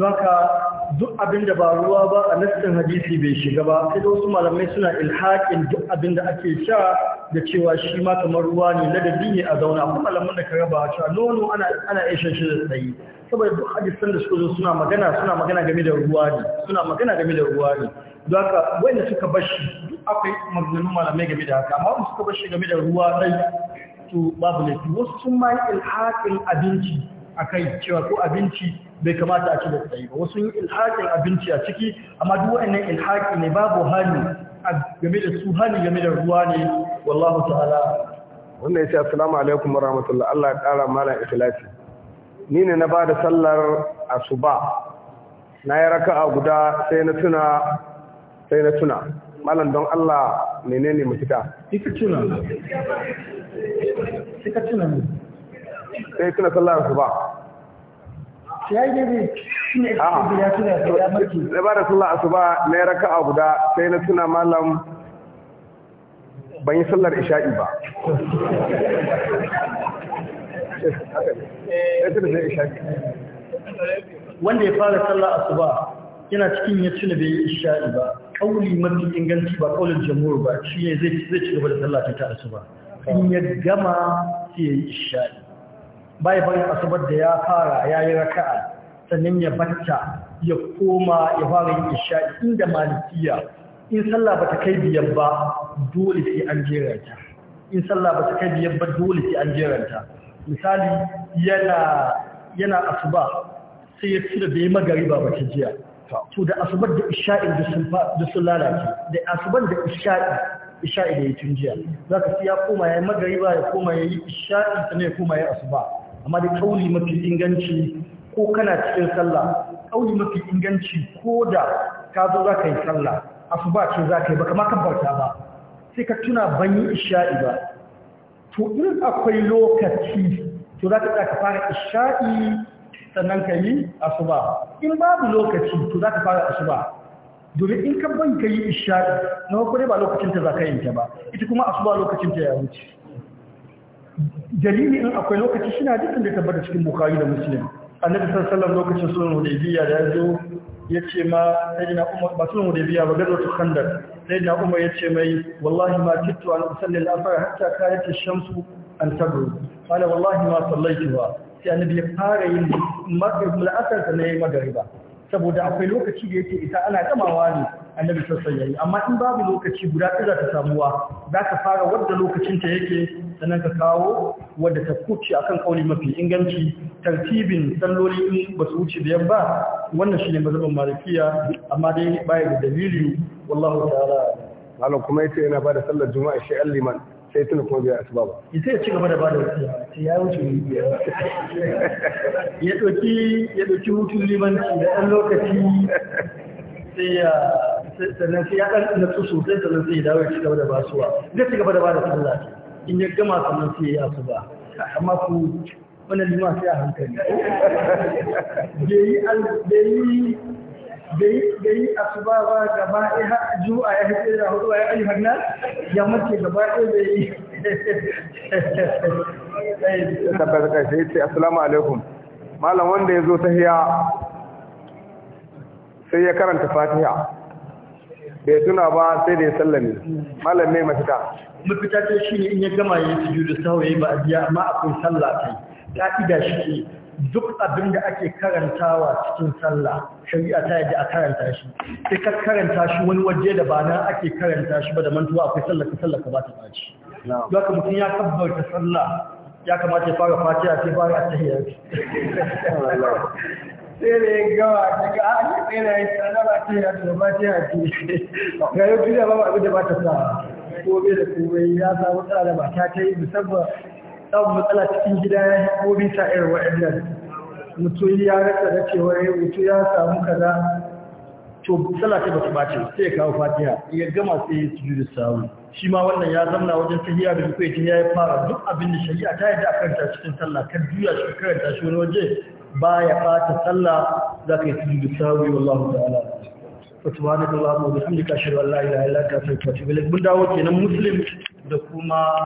don ka duk abin da ba ruwa ba a nassin hadisi bai shiga ba sai da wasu malamai suna ilhaƙin duk abin da ake sha da cewa shi ma kamar ruwa ne na dabi ne a zauna kuma malaman da ka raba cewa nono ana ana ishe shi da tsayi saboda duk hadisan da suka zo suna magana suna magana game da ruwa ne suna magana game da ruwa ne don haka wanda suka bar shi duk akwai maganganun malamai game da haka amma wanda suka bar shi game da ruwa dai to babu laifi wasu sun ma yi ilhaƙin abinci Akai cewa ko abinci bai kamata a ci da tsayi ba wasu ilhaƙin abinci a ciki amma duk wannan ilhaƙi ne babu hali, game da su hali, game da ruwa ne wallahu ta'ala wannan yace assalamu alaikum warahmatullahi Allah ya ƙara mana ikhlasi ni ne na bada sallar asuba na yi raka'a guda sai na tuna sai na tuna malam don Allah menene mu fita. kika tuna kika tuna sai eh, tuna sallar su ba ah. ya yi ne da ba da sallar asuba na ya raka'a guda sai na tuna malam ban yi sallar isha'i ba wanda ya fara sallar asuba yana cikin ya tuna bai yi isha'i ba kauli mafi inganci ba kaulin jamhur ba shi ne zai ci gaba da sallar ta asuba in ya gama sai ya yi isha'i bai bari asubar da ya fara ya yi raka'a sannan ya bacca ya koma ya fara yin isha inda malikiya in sallah ba ta kai biyar ba dole sai an jeranta in sallah ba ta kai biyar ba dole sai an jeranta misali yana yana asuba sai ya tsira da bai magariba ba ta jiya to da asubar da isha'in da sun lalace da asubar da isha'in isha'i da ya tun jiya za ka siya koma ya yi magariba ya koma ya yi isha'i sannan ya koma ya asuba amma da kauli mafi inganci ko kana cikin sallah kauli mafi inganci ko da ka zo za ka yi sallah asuba ce za ka yi ba kama kabbarta ba sai ka tuna ban isha'i ba to in akwai lokaci to za ka za ka fara isha'i sannan ka yi asuba in babu lokaci to za ka fara asuba domin in ka ban ka yi isha'i na wakwarai ba lokacinta za ka yi ta ba ita kuma asuba lokacinta lokacinta ya wuce Jalili in akwai lokaci shi na dukkan da tabbata cikin bukari da muslim annabi sallallahu lokacin sunan hudaybiya da yazo yace ma sayyidina umar ba sulhul hudaybiya ba gazo ta khandar sayyidina umar yace mai wallahi ma kittu an usalli al-asr hatta kayat ash-shamsu an tabru qala wallahi ma sallaytuha sai annabi ya fara yin maghrib al-asr sanai magriba saboda akwai lokaci da yake ita ana jamawa ne annabi sassan yayi amma in babu lokaci guda ɗaya za ta samuwa za ka fara wadda ta yake sannan ka kawo wadda ta kuce akan kauli mafi inganci tartibin salloli in ba su wuce da yamma. wannan shine mazhaban malikiya amma dai baya da dalili wallahu ta'ala malam kuma yace yana bada sallar juma'a shi liman sai tuna kuma bai asuba ba ya sai ci gaba da ba da wasiya ce ya wuce ni biya. ya ɗauki ya ɗauki hutun limanci da ɗan lokaci sai ya sannan sai ya ɗan natsu sosai sannan sai ya dawo ya ci gaba da basuwa zai ci gaba da ba da sallah in ya gama sannan sai ya ba. amma ku wannan lima sai a hankali bai yi da yi asuba ba gaba ya ju'a ya fi da hudu ya ayyuhan hannu, ya mace gaba ɗaya da yi tabbar ƙarshe ce asalamu alaikum malam wanda ya zo ta hiya sai ya karanta fatiha bai tuna ba sai da ya sallame malam mai mafita mafita ce shi ne in ya gama ya yi sujudu sawaye ba a biya amma akwai sallah kai ƙida shi duk abin da ake karantawa cikin sallah shari'a ta yadda a karanta shi sai ka karanta shi wani waje da ba na ake karanta shi ba da mantuwa akwai sallah ka sallah ka ba ta baci haka mutum ya tabbata sallah ya kamata ya fara fatiha sai fara tahiyya sai da ya gawa daga ake tsere ya sanara ce ya tuba ce ya ce ga yau duniya ba abin da ba ta sa ko bai da komai ya samu tsara ba ta ta yi musamman samun matsala cikin gida ya yi ko bisa irin wa'annan mutu ya rasa da cewa ya mutu ya samu kaza to sallah ta bata bace sai ya kawo fatiha ya gama sai ya da sawu shi ma wannan ya zamna wajen tahiyya da duk yi ya yi fara duk abin da shari'a ta yi a karanta cikin sallah kan juya shi karanta shi wani waje ba ya fata sallah za ka yi da sawu wallahu ta'ala wa wani allahumma wa da hamdika shirwa Allah ya illa sai astaghfiruka wa mun dawo kenan muslim da kuma